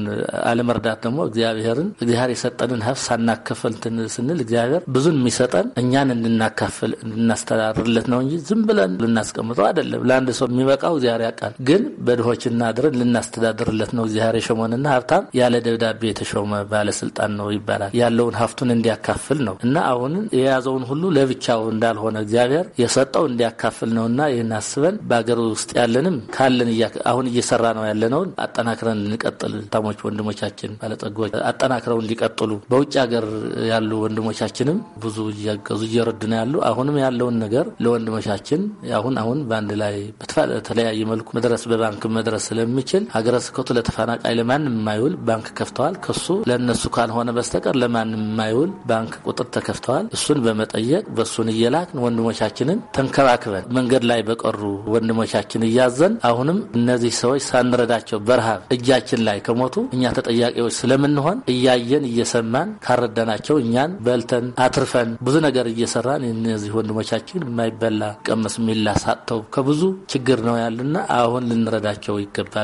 አለመርዳት ደግሞ እግዚአብሔርን እግዚአብሔር የሰጠንን ሀብት ሳናከፈል ስንል እግዚአብሔር ብዙን የሚሰጠን እኛን እንድናካፍል እንድናስተዳድርለት ነው እንጂ ዝም ብለን ልናስቀምጠው አይደለም። ለአንድ ሰው የሚበቃው እግዚአብሔር ያውቃል። ግን በድሆች እናድረን ልናስተዳድርለት ነው እግዚአብሔር የተሾመንና ሀብታም ያለ ደብዳቤ የተሾመ ባለስልጣን ነው ይባላል። ያለውን ሀብቱን እንዲያካፍል ነው እና አሁን የያዘውን ሁሉ ለብቻው እንዳልሆነ እግዚአብሔር የሰጠው እንዲያካፍል ነው እና ይህን አስበን በሀገር ውስጥ ያለንም ካለን አሁን እየሰራ ነው ያለነውን አጠናክረን እንቀጥል። ታሞች ወንድሞቻችን ባለጸጎች አጠናክረው እንዲቀጥሉ በውጭ ሀገር ያሉ ወንድሞቻችንም ብዙ እያገዙ እየረዱ ነው ያሉ። አሁንም ያለውን ነገር ለወንድሞቻችን አሁን አሁን በአንድ ላይ በተለያየ መልኩ መድረስ በባንክ መድረስ ስለሚችል ሀገረ ስብከቱ ለተፈናቃ ቀጣይ ለማንም የማይውል ባንክ ከፍተዋል። ከሱ ለእነሱ ካልሆነ በስተቀር ለማንም የማይውል ባንክ ቁጥር ተከፍተዋል። እሱን በመጠየቅ በሱን እየላክን ወንድሞቻችንን ተንከባክበን መንገድ ላይ በቀሩ ወንድሞቻችን እያዘን አሁንም እነዚህ ሰዎች ሳንረዳቸው በረሃብ እጃችን ላይ ከሞቱ እኛ ተጠያቂዎች ስለምንሆን እያየን እየሰማን ካረዳናቸው እኛን በልተን አትርፈን ብዙ ነገር እየሰራን እነዚህ ወንድሞቻችን የማይበላ ቀመስ ሳጥተው ከብዙ ችግር ነው ያለና አሁን ልንረዳቸው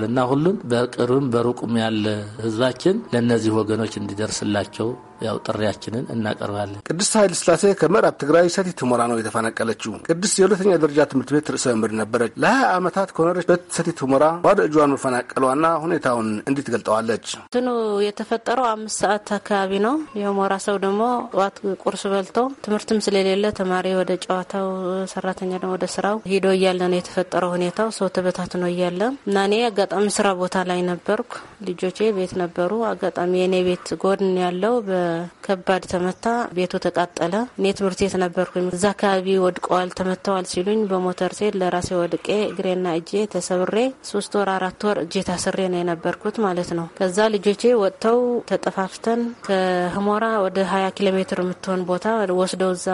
እና ሁሉን በቅርብም በሩ በሩቁም ያለ ህዝባችን ለእነዚህ ወገኖች እንዲደርስላቸው ያው ጥሪያችንን እናቀርባለን። ቅድስት ኃይለ ስላሴ ከምዕራብ ትግራይ ሰቲት ሁመራ ነው የተፈናቀለችው። ቅድስት የሁለተኛ ደረጃ ትምህርት ቤት ርዕሰ መምህር ነበረች። ለሀያ ዓመታት ከሆነችበት ሰቲት ሁመራ ባዶ እጇን መፈናቀሏና ሁኔታውን እንዲት ገልጠዋለች። እንትኑ የተፈጠረው አምስት ሰዓት አካባቢ ነው። የሁመራ ሰው ደግሞ ዋት ቁርስ በልቶ ትምህርትም ስለሌለ ተማሪ ወደ ጨዋታው፣ ሰራተኛ ደግሞ ወደ ስራው ሂዶ እያለ ነው የተፈጠረው ሁኔታው። ሰው ተበታት ነው እያለ እና እኔ አጋጣሚ ስራ ቦታ ላይ ነበርኩ። ልጆቼ ቤት ነበሩ። አጋጣሚ የእኔ ቤት ጎድን ያለው በከባድ ተመታ፣ ቤቱ ተቃጠለ። እኔ ትምህርት ቤት ነበርኩኝ። እዛ አካባቢ ወድቀዋል፣ ተመተዋል ሲሉኝ በሞተር ሴድ ለራሴ ወድቄ እግሬና እጄ ተሰብሬ ሶስት ወር አራት ወር እጄ ታስሬ ነው የነበርኩት ማለት ነው። ከዛ ልጆቼ ወጥተው ተጠፋፍተን ከህሞራ ወደ ሀያ ኪሎ ሜትር የምትሆን ቦታ ወስደው እዛ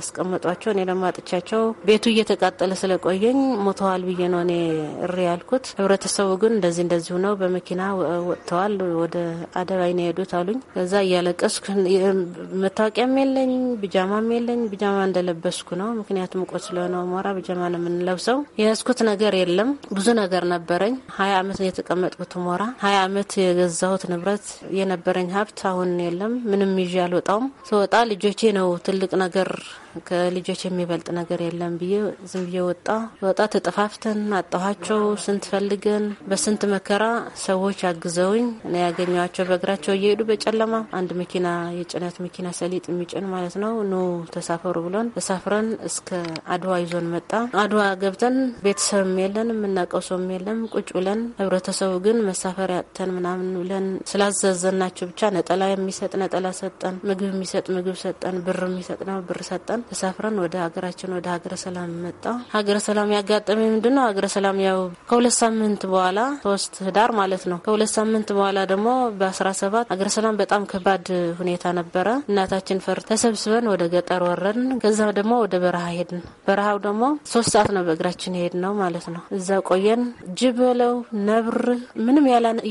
አስቀመጧቸው። እኔ ደግሞ አጥቻቸው ቤቱ እየተቃጠለ ስለቆየኝ ሞተዋል ብዬ ነው እኔ እሪ ያልኩት። ህብረተሰቡ ግን እንደዚህ እንደዚሁ ነው በመኪና ወጥተዋል ወደ አደባይ ነው የሄዱት አሉኝ። ከዛ እያለቀሱ ለበስኩ መታወቂያም የለኝ ብጃማም የለኝ። ብጃማ እንደለበስኩ ነው። ምክንያቱም ቆ ስለሆነ ሞራ ብጃማ ነው የምንለብሰው። የያዝኩት ነገር የለም። ብዙ ነገር ነበረኝ። ሀያ አመት ነው የተቀመጥኩት ሞራ። ሀያ አመት የገዛሁት ንብረት የነበረኝ ሀብት አሁን የለም። ምንም ይዤ አልወጣውም። ስወጣ ልጆቼ ነው ትልቅ ነገር ከልጆች የሚበልጥ ነገር የለም ብዬ ዝም ብዬ ወጣ ወጣ ተጠፋፍተን አጣኋቸው። ስንት ፈልገን በስንት መከራ ሰዎች አግዘውኝ ያገኘዋቸው ያገኘኋቸው በእግራቸው እየሄዱ በጨለማ አንድ መኪ መኪና የጭነት መኪና ሰሊጥ የሚጭን ማለት ነው። ኑ ተሳፈሩ ብሎን ተሳፍረን እስከ አድዋ ይዞን መጣ። አድዋ ገብተን ቤተሰብም የለን የምናውቀው ሰውም የለም። ቁጭ ብለን ህብረተሰቡ ግን መሳፈሪያ አጥተን ምናምን ብለን ስላዘዘናቸው ብቻ ነጠላ የሚሰጥ ነጠላ ሰጠን፣ ምግብ የሚሰጥ ምግብ ሰጠን፣ ብር የሚሰጥ ነው ብር ሰጠን። ተሳፍረን ወደ ሀገራችን ወደ ሀገረ ሰላም መጣ። ሀገረ ሰላም ያጋጠመ ምንድን ነው? ሀገረ ሰላም ያው ከሁለት ሳምንት በኋላ ሶስት ህዳር ማለት ነው። ከሁለት ሳምንት በኋላ ደግሞ በአስራ ሰባት ሀገረ ሰላም በጣም ከባድ ሁኔታ ነበረ። እናታችን ፈር ተሰብስበን ወደ ገጠር ወረድን። ከዛ ደግሞ ወደ በረሃ ሄድን። በረሃው ደግሞ ሶስት ሰዓት ነው በእግራችን ሄድ ነው ማለት ነው። እዛ ቆየን። ጅብ በለው ነብር፣ ምንም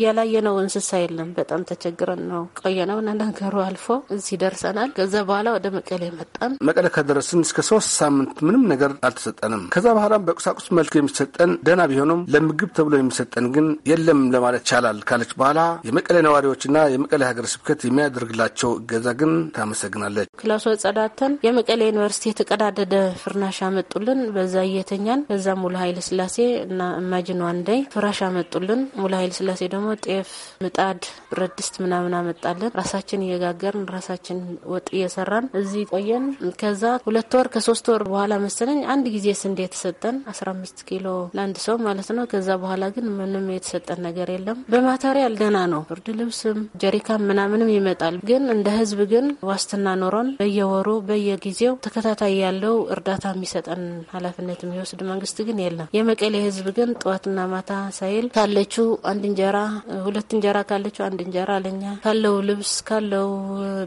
ያላየነው እንስሳ የለም። በጣም ተቸግረን ነው ቆየነው ነገሩ አልፎ እዚህ ደርሰናል። ከዛ በኋላ ወደ መቀሌ መጣን። መቀሌ ከደረስን እስከ ሶስት ሳምንት ምንም ነገር አልተሰጠንም። ከዛ በኋላም በቁሳቁስ መልክ የሚሰጠን ደህና ቢሆንም ለምግብ ተብሎ የሚሰጠን ግን የለም ለማለት ይቻላል ካለች በኋላ የመቀሌ ነዋሪዎችና የመቀሌ ሀገረ ስብከት የሚያደርግላ ጌታቸው እገዛ ግን ታመሰግናለች። ክላሱ ጸዳተን የመቀሌ ዩኒቨርሲቲ የተቀዳደደ ፍርናሽ አመጡልን። በዛ እየተኛን በዛ ሙሉ ኃይለ ስላሴ እና እማጅን ዋንደይ ፍራሽ አመጡልን። ሙሉ ኃይለ ስላሴ ደግሞ ጤፍ፣ ምጣድ፣ ብረት ድስት ምናምን አመጣለን። ራሳችን እየጋገርን ራሳችን ወጥ እየሰራን እዚህ ቆየን። ከዛ ሁለት ወር ከሶስት ወር በኋላ መሰለኝ አንድ ጊዜ ስንዴ የተሰጠን አስራ አምስት ኪሎ ለአንድ ሰው ማለት ነው። ከዛ በኋላ ግን ምንም የተሰጠን ነገር የለም። በማቴሪያል ደህና ነው። ፍርድ ልብስም ጀሪካም ምናምንም ይመጣል ግን እንደ ህዝብ ግን ዋስትና ኖሮን በየወሩ በየጊዜው ተከታታይ ያለው እርዳታ የሚሰጠን ኃላፊነት የሚወስድ መንግስት ግን የለም። የመቀሌ ህዝብ ግን ጠዋትና ማታ ሳይል ካለችው አንድ እንጀራ ሁለት እንጀራ ካለችው አንድ እንጀራ አለኛ ካለው ልብስ ካለው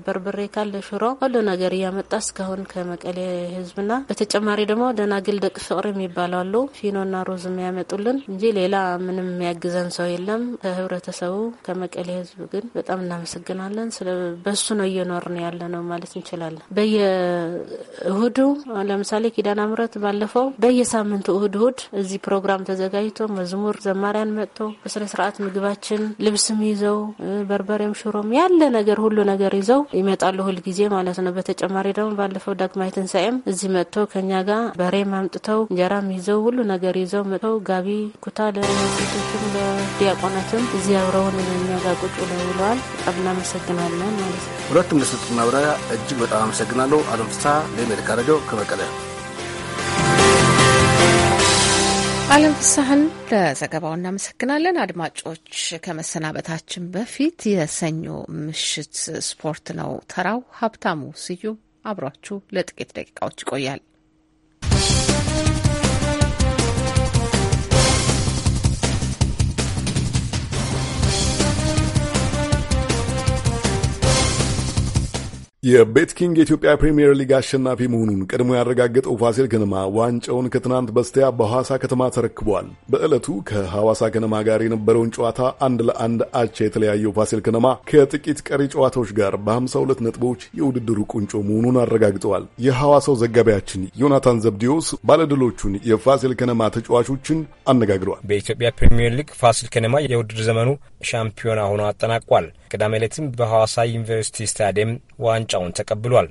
በርበሬ ካለ ሽሮ ሁሉ ነገር እያመጣ እስካሁን ከመቀሌ ህዝብና በተጨማሪ ደግሞ ደናግል ደቅ ፍቅር የሚባለው አሉ ፊኖና ሮዝ የሚያመጡልን እንጂ ሌላ ምንም የሚያግዘን ሰው የለም። ከህብረተሰቡ ከመቀሌ ህዝብ ግን በጣም እናመሰግናለን ስለ በሱ ነው እየኖርን ያለ ነው ማለት እንችላለን። በየእሁዱ ለምሳሌ ኪዳነ ምሕረት ባለፈው በየሳምንቱ እሁድ እሁድ እዚህ ፕሮግራም ተዘጋጅቶ መዝሙር ዘማሪያን መጥቶ በስነ ስርዓት ምግባችን፣ ልብስም ይዘው በርበሬም፣ ሽሮም ያለ ነገር ሁሉ ነገር ይዘው ይመጣሉ ሁል ጊዜ ማለት ነው። በተጨማሪ ደግሞ ባለፈው ዳግማዊ ትንሳኤም እዚህ መጥቶ ከኛ ጋር በሬም አምጥተው እንጀራም ይዘው ሁሉ ነገር ይዘው መጥተው ጋቢ ኩታ ለሴቶችም ለዲያቆናትም እዚህ አብረውን የሚያጋቁጭ ብለዋል። በጣም እናመሰግናለን። ሁለቱም ለሰጡት ማብራሪያ እጅግ በጣም አመሰግናለሁ። አለም ፍስሀ ለአሜሪካ ሬዲዮ ከመቀለ። አለም ፍስሀን ለዘገባው እናመሰግናለን። አድማጮች ከመሰናበታችን በፊት የሰኞ ምሽት ስፖርት ነው ተራው። ሀብታሙ ስዩም አብሯችሁ ለጥቂት ደቂቃዎች ይቆያል። የቤትኪንግ የኢትዮጵያ ፕሪምየር ሊግ አሸናፊ መሆኑን ቀድሞ ያረጋገጠው ፋሲል ከነማ ዋንጫውን ከትናንት በስቲያ በሐዋሳ ከተማ ተረክቧል። በዕለቱ ከሐዋሳ ከነማ ጋር የነበረውን ጨዋታ አንድ ለአንድ አቻ የተለያየው ፋሲል ከነማ ከጥቂት ቀሪ ጨዋታዎች ጋር በ52 ነጥቦች የውድድሩ ቁንጮ መሆኑን አረጋግጠዋል። የሐዋሳው ዘጋቢያችን ዮናታን ዘብዲዮስ ባለድሎቹን የፋሲል ከነማ ተጫዋቾችን አነጋግሯል። በኢትዮጵያ ፕሪምየር ሊግ ፋሲል ከነማ የውድድር ዘመኑ ሻምፒዮና ሆኖ አጠናቋል። ቅዳሜ ዕለትም በሐዋሳ ዩኒቨርሲቲ ስታዲየም ዋንጫ ዋንጫውን ተቀብሏል።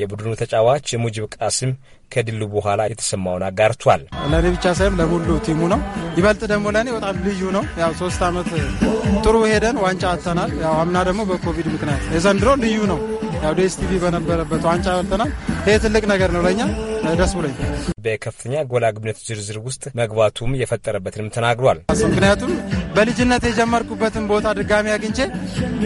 የቡድኑ ተጫዋች የሙጅብ ቃስም ከድሉ በኋላ የተሰማውን አጋርቷል። ለእኔ ብቻ ሳይሆን ለሙሉ ቲሙ ነው። ይበልጥ ደግሞ ለእኔ በጣም ልዩ ነው። ያው ሶስት ዓመት ጥሩ ሄደን ዋንጫ አተናል። ያው አምና ደግሞ በኮቪድ ምክንያት የዘንድሮ ልዩ ነው። ያው ዴስ በነበረበት ዋንጫ በልተናል። ይሄ ትልቅ ነገር ነው ለእኛ ደስ ብሎኝ። በከፍተኛ ጎል አግቢነት ዝርዝር ውስጥ መግባቱም የፈጠረበትንም ተናግሯል። ምክንያቱም በልጅነት የጀመርኩበትን ቦታ ድጋሚ አግኝቼ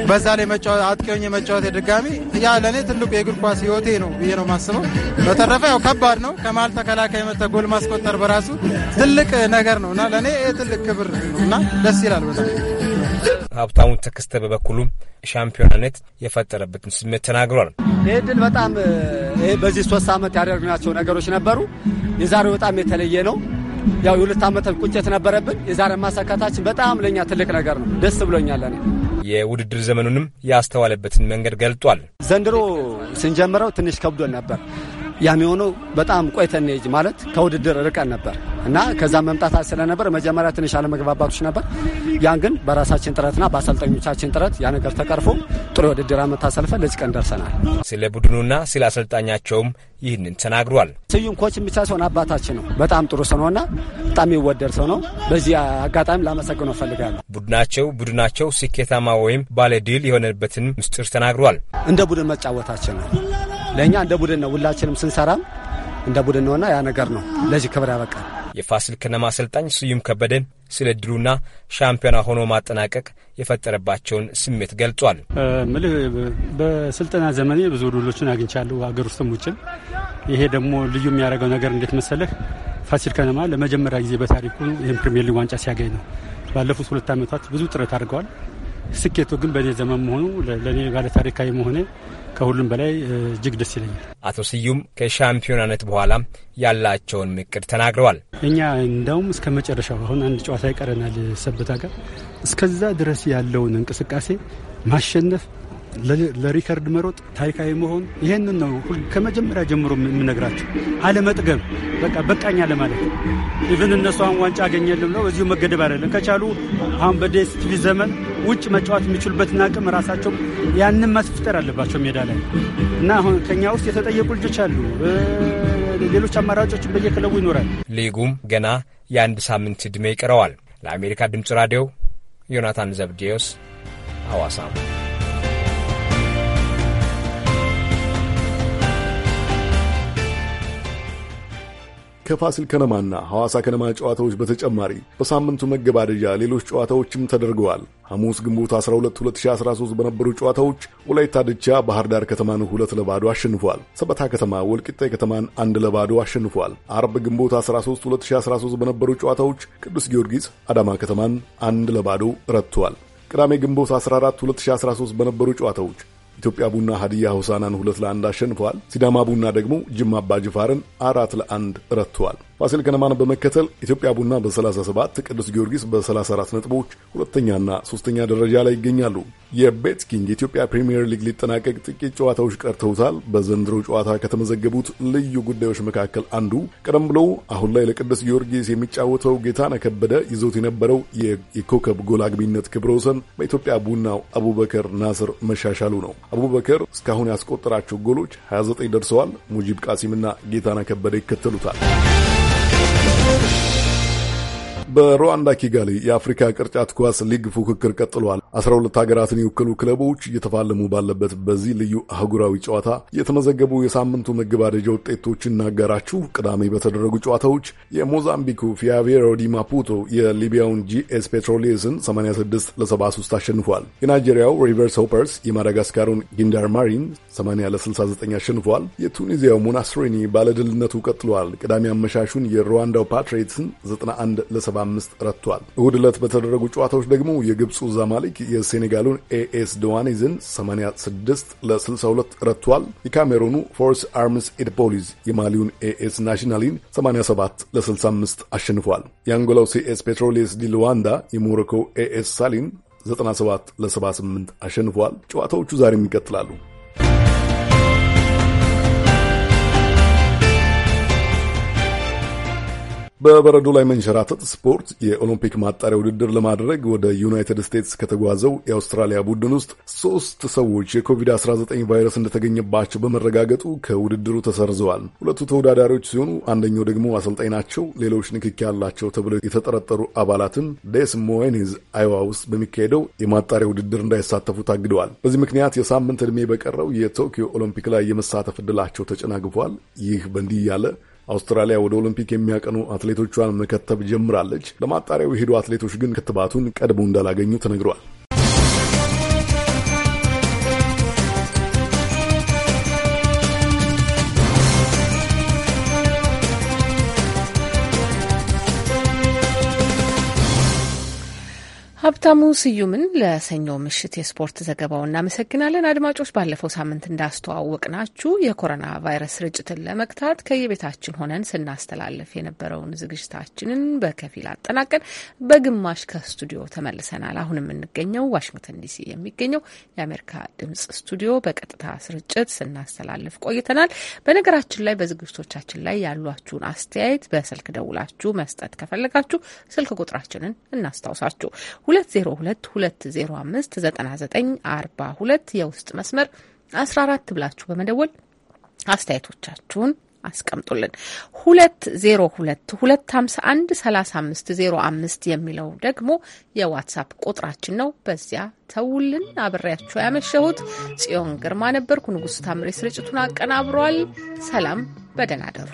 በዛ ላይ መጫወት የመጫወት ድጋሚ ያ ለእኔ ትልቁ የእግር ኳስ ህይወቴ ነው ብዬ ነው ማስበው። በተረፈ ያው ከባድ ነው ከመሀል ተከላካይ መተ ጎል ማስቆጠር በራሱ ትልቅ ነገር ነው እና ለእኔ ትልቅ ክብር ነው እና ደስ ይላል በጣም ሀብታሙ ተከስተ በበኩሉ ሻምፒዮናነት የፈጠረበትን ስሜት ተናግሯል። ይህድል በጣም በዚህ ሶስት ዓመት ያደረግናቸው ነገሮች ነበሩ። የዛሬው በጣም የተለየ ነው። ያው የሁለት ዓመት ቁጭት ነበረብን። የዛሬ ማሳካታችን በጣም ለእኛ ትልቅ ነገር ነው። ደስ ብሎኛል። እኔ የውድድር ዘመኑንም ያስተዋለበትን መንገድ ገልጧል። ዘንድሮ ስንጀምረው ትንሽ ከብዶን ነበር ያም የሆነው በጣም ቆይተን ጅ ማለት ከውድድር ርቀን ነበር እና ከዛ መምጣት ስለነበር መጀመሪያ ትንሽ አለመግባባቶች ነበር። ያን ግን በራሳችን ጥረትና በአሰልጣኞቻችን ጥረት ያ ነገር ተቀርፎ ጥሩ የውድድር ዓመት አሳልፈን ለዚህ ቀን ደርሰናል። ስለ ቡድኑና ስለ አሰልጣኛቸውም ይህንን ተናግሯል። ስዩም ኮችን ብቻ ሲሆን አባታችን ነው። በጣም ጥሩ ሰው ነውና በጣም ይወደድ ሰው ነው። በዚህ አጋጣሚ ላመሰግነው እፈልጋለሁ። ቡድናቸው ቡድናቸው ስኬታማ ወይም ባለድል የሆነበትን ምስጢር ተናግሯል። እንደ ቡድን መጫወታችን ነው ለእኛ እንደ ቡድን ነው። ሁላችንም ስንሰራም እንደ ቡድን ነውና ያ ነገር ነው ለዚህ ክብር ያበቃል። የፋሲል ከነማ አሰልጣኝ ስዩም ከበደን ስለ ድሉና ሻምፒዮና ሆኖ ማጠናቀቅ የፈጠረባቸውን ስሜት ገልጿል። ምልህ በስልጠና ዘመኔ ብዙ ድሎችን አግኝቻለሁ አገር ውስጥም ውጭም። ይሄ ደግሞ ልዩ የሚያደርገው ነገር እንዴት መሰለህ፣ ፋሲል ከነማ ለመጀመሪያ ጊዜ በታሪኩ ይህን ፕሪሚየር ሊግ ዋንጫ ሲያገኝ ነው። ባለፉት ሁለት ዓመታት ብዙ ጥረት አድርገዋል። ስኬቱ ግን በእኔ ዘመን መሆኑ ለእኔ ባለታሪካዊ መሆኔ ከሁሉም በላይ እጅግ ደስ ይለኛል። አቶ ስዩም ከሻምፒዮናነት በኋላ ያላቸውን እቅድ ተናግረዋል። እኛ እንደውም እስከ መጨረሻው አሁን አንድ ጨዋታ ይቀረናል ሰበታ ጋር እስከዛ ድረስ ያለውን እንቅስቃሴ ማሸነፍ ለሪከርድ መሮጥ፣ ታሪካዊ መሆን ይህንን ነው ከመጀመሪያ ጀምሮ የምነግራቸው። አለመጥገብ በቃ በቃኝ አለማለት። ኢቭን እነሱ አሁን ዋንጫ አገኘልም ነው እዚሁ መገደብ አይደለም። ከቻሉ አሁን በዴስ ዘመን ውጭ መጫወት የሚችሉበትን አቅም ራሳቸው ያንን ማስፍጠር አለባቸው ሜዳ ላይ እና አሁን ከኛ ውስጥ የተጠየቁ ልጆች አሉ። ሌሎች አማራጮችን በየክለቡ ይኖራል። ሊጉም ገና የአንድ ሳምንት ዕድሜ ይቀረዋል። ለአሜሪካ ድምፅ ራዲዮ ዮናታን ዘብዴዎስ አዋሳ። ከፋሲል ከነማና ሐዋሳ ከነማ ጨዋታዎች በተጨማሪ በሳምንቱ መገባደጃ ሌሎች ጨዋታዎችም ተደርገዋል። ሐሙስ ግንቦት 12 2013 በነበሩ ጨዋታዎች ወላይታ ድቻ ባህር ዳር ከተማን ሁለት ለባዶ አሸንፏል። ሰበታ ከተማ ወልቂጤ ከተማን አንድ ለባዶ አሸንፏል። አርብ ግንቦት 13 2013 በነበሩ ጨዋታዎች ቅዱስ ጊዮርጊስ አዳማ ከተማን አንድ ለባዶ ረትቷል። ቅዳሜ ግንቦት 14 2013 በነበሩ ጨዋታዎች ኢትዮጵያ ቡና ሀዲያ ሆሳናን ሁለት ለአንድ አሸንፈዋል። ሲዳማ ቡና ደግሞ ጅማ አባጅፋርን አራት ለአንድ ረትተዋል። ፋሲል ከነማን በመከተል ኢትዮጵያ ቡና በ37 ቅዱስ ጊዮርጊስ በ34 ነጥቦች ሁለተኛና ሶስተኛ ደረጃ ላይ ይገኛሉ። የቤት ኪንግ የኢትዮጵያ ፕሪምየር ሊግ ሊጠናቀቅ ጥቂት ጨዋታዎች ቀርተውታል። በዘንድሮ ጨዋታ ከተመዘገቡት ልዩ ጉዳዮች መካከል አንዱ ቀደም ብሎ አሁን ላይ ለቅዱስ ጊዮርጊስ የሚጫወተው ጌታነ ከበደ ይዞት የነበረው የኮከብ ጎል አግቢነት ክብረ ወሰን በኢትዮጵያ ቡናው አቡበከር ናስር መሻሻሉ ነው። አቡበከር እስካሁን ያስቆጠራቸው ጎሎች 29 ደርሰዋል። ሙጂብ ቃሲምና ጌታነ ከበደ ይከተሉታል። በሩዋንዳ ኪጋሊ የአፍሪካ ቅርጫት ኳስ ሊግ ፉክክር ቀጥሏል። አስራ ሁለት ሀገራትን የወከሉ ክለቦች እየተፋለሙ ባለበት በዚህ ልዩ አህጉራዊ ጨዋታ የተመዘገቡ የሳምንቱ መገባደጃ ውጤቶችን እናገራችሁ። ቅዳሜ በተደረጉ ጨዋታዎች የሞዛምቢኩ ፊያቬሮ ዲ ማፑቶ የሊቢያውን ጂኤስ ፔትሮሌስን 86 ለ73 አሸንፏል። የናይጄሪያው ሪቨርስ ሆፐርስ የማዳጋስካሩን ጊንዳር ማሪን 80 ለ69 አሸንፏል። የቱኒዚያው ሙናስሬኒ ባለድልነቱ ቀጥሏል። ቅዳሜ አመሻሹን የሩዋንዳው ፓትሬትስን 91 ለ7 አምስት ረትቷል። እሁድ ዕለት በተደረጉ ጨዋታዎች ደግሞ የግብፁ ዛማሊክ የሴኔጋሉን ኤኤስ ደዋኒዝን 86 ለ62 ረትቷል። የካሜሩኑ ፎርስ አርምስ ኢድፖሊዝ የማሊውን ኤኤስ ናሽናሊን 87 ለ65 አሸንፏል። የአንጎላው ሲኤስ ፔትሮሌስ ዲ ሉዋንዳ የሞሮኮ ኤኤስ ሳሊን 97 ለ78 አሸንፏል። ጨዋታዎቹ ዛሬም ይቀጥላሉ። በበረዶ ላይ መንሸራተት ስፖርት የኦሎምፒክ ማጣሪያ ውድድር ለማድረግ ወደ ዩናይትድ ስቴትስ ከተጓዘው የአውስትራሊያ ቡድን ውስጥ ሶስት ሰዎች የኮቪድ-19 ቫይረስ እንደተገኘባቸው በመረጋገጡ ከውድድሩ ተሰርዘዋል። ሁለቱ ተወዳዳሪዎች ሲሆኑ አንደኛው ደግሞ አሰልጣኝ ናቸው። ሌሎች ንክኪ ያላቸው ተብለው የተጠረጠሩ አባላትም ዴስ ሞይኒዝ አይዋ ውስጥ በሚካሄደው የማጣሪያ ውድድር እንዳይሳተፉ ታግደዋል። በዚህ ምክንያት የሳምንት ዕድሜ በቀረው የቶኪዮ ኦሎምፒክ ላይ የመሳተፍ ዕድላቸው ተጨናግፏል። ይህ በእንዲህ እያለ አውስትራሊያ ወደ ኦሎምፒክ የሚያቀኑ አትሌቶቿን መከተብ ጀምራለች። ለማጣሪያው የሄዱ አትሌቶች ግን ክትባቱን ቀድሞ እንዳላገኙ ተነግሯል። ሀብታሙ ስዩምን ለሰኞ ምሽት የስፖርት ዘገባው እናመሰግናለን። አድማጮች፣ ባለፈው ሳምንት እንዳስተዋወቅ ናችሁ የኮሮና ቫይረስ ስርጭትን ለመግታት ከየቤታችን ሆነን ስናስተላልፍ የነበረውን ዝግጅታችንን በከፊል አጠናቀን በግማሽ ከስቱዲዮ ተመልሰናል። አሁን የምንገኘው ዋሽንግተን ዲሲ የሚገኘው የአሜሪካ ድምጽ ስቱዲዮ በቀጥታ ስርጭት ስናስተላልፍ ቆይተናል። በነገራችን ላይ በዝግጅቶቻችን ላይ ያሏችሁን አስተያየት በስልክ ደውላችሁ መስጠት ከፈለጋችሁ ስልክ ቁጥራችንን እናስታውሳችሁ 2022059942 የውስጥ መስመር 14 ብላችሁ በመደወል አስተያየቶቻችሁን አስቀምጡልን። 2022513505 የሚለው ደግሞ የዋትሳፕ ቁጥራችን ነው። በዚያ ተውልን። አብሬያችሁ ያመሸሁት ጽዮን ግርማ ነበርኩ። ንጉሥ ታምሬ ስርጭቱን አቀናብሯል። ሰላም፣ በደህና አደሩ።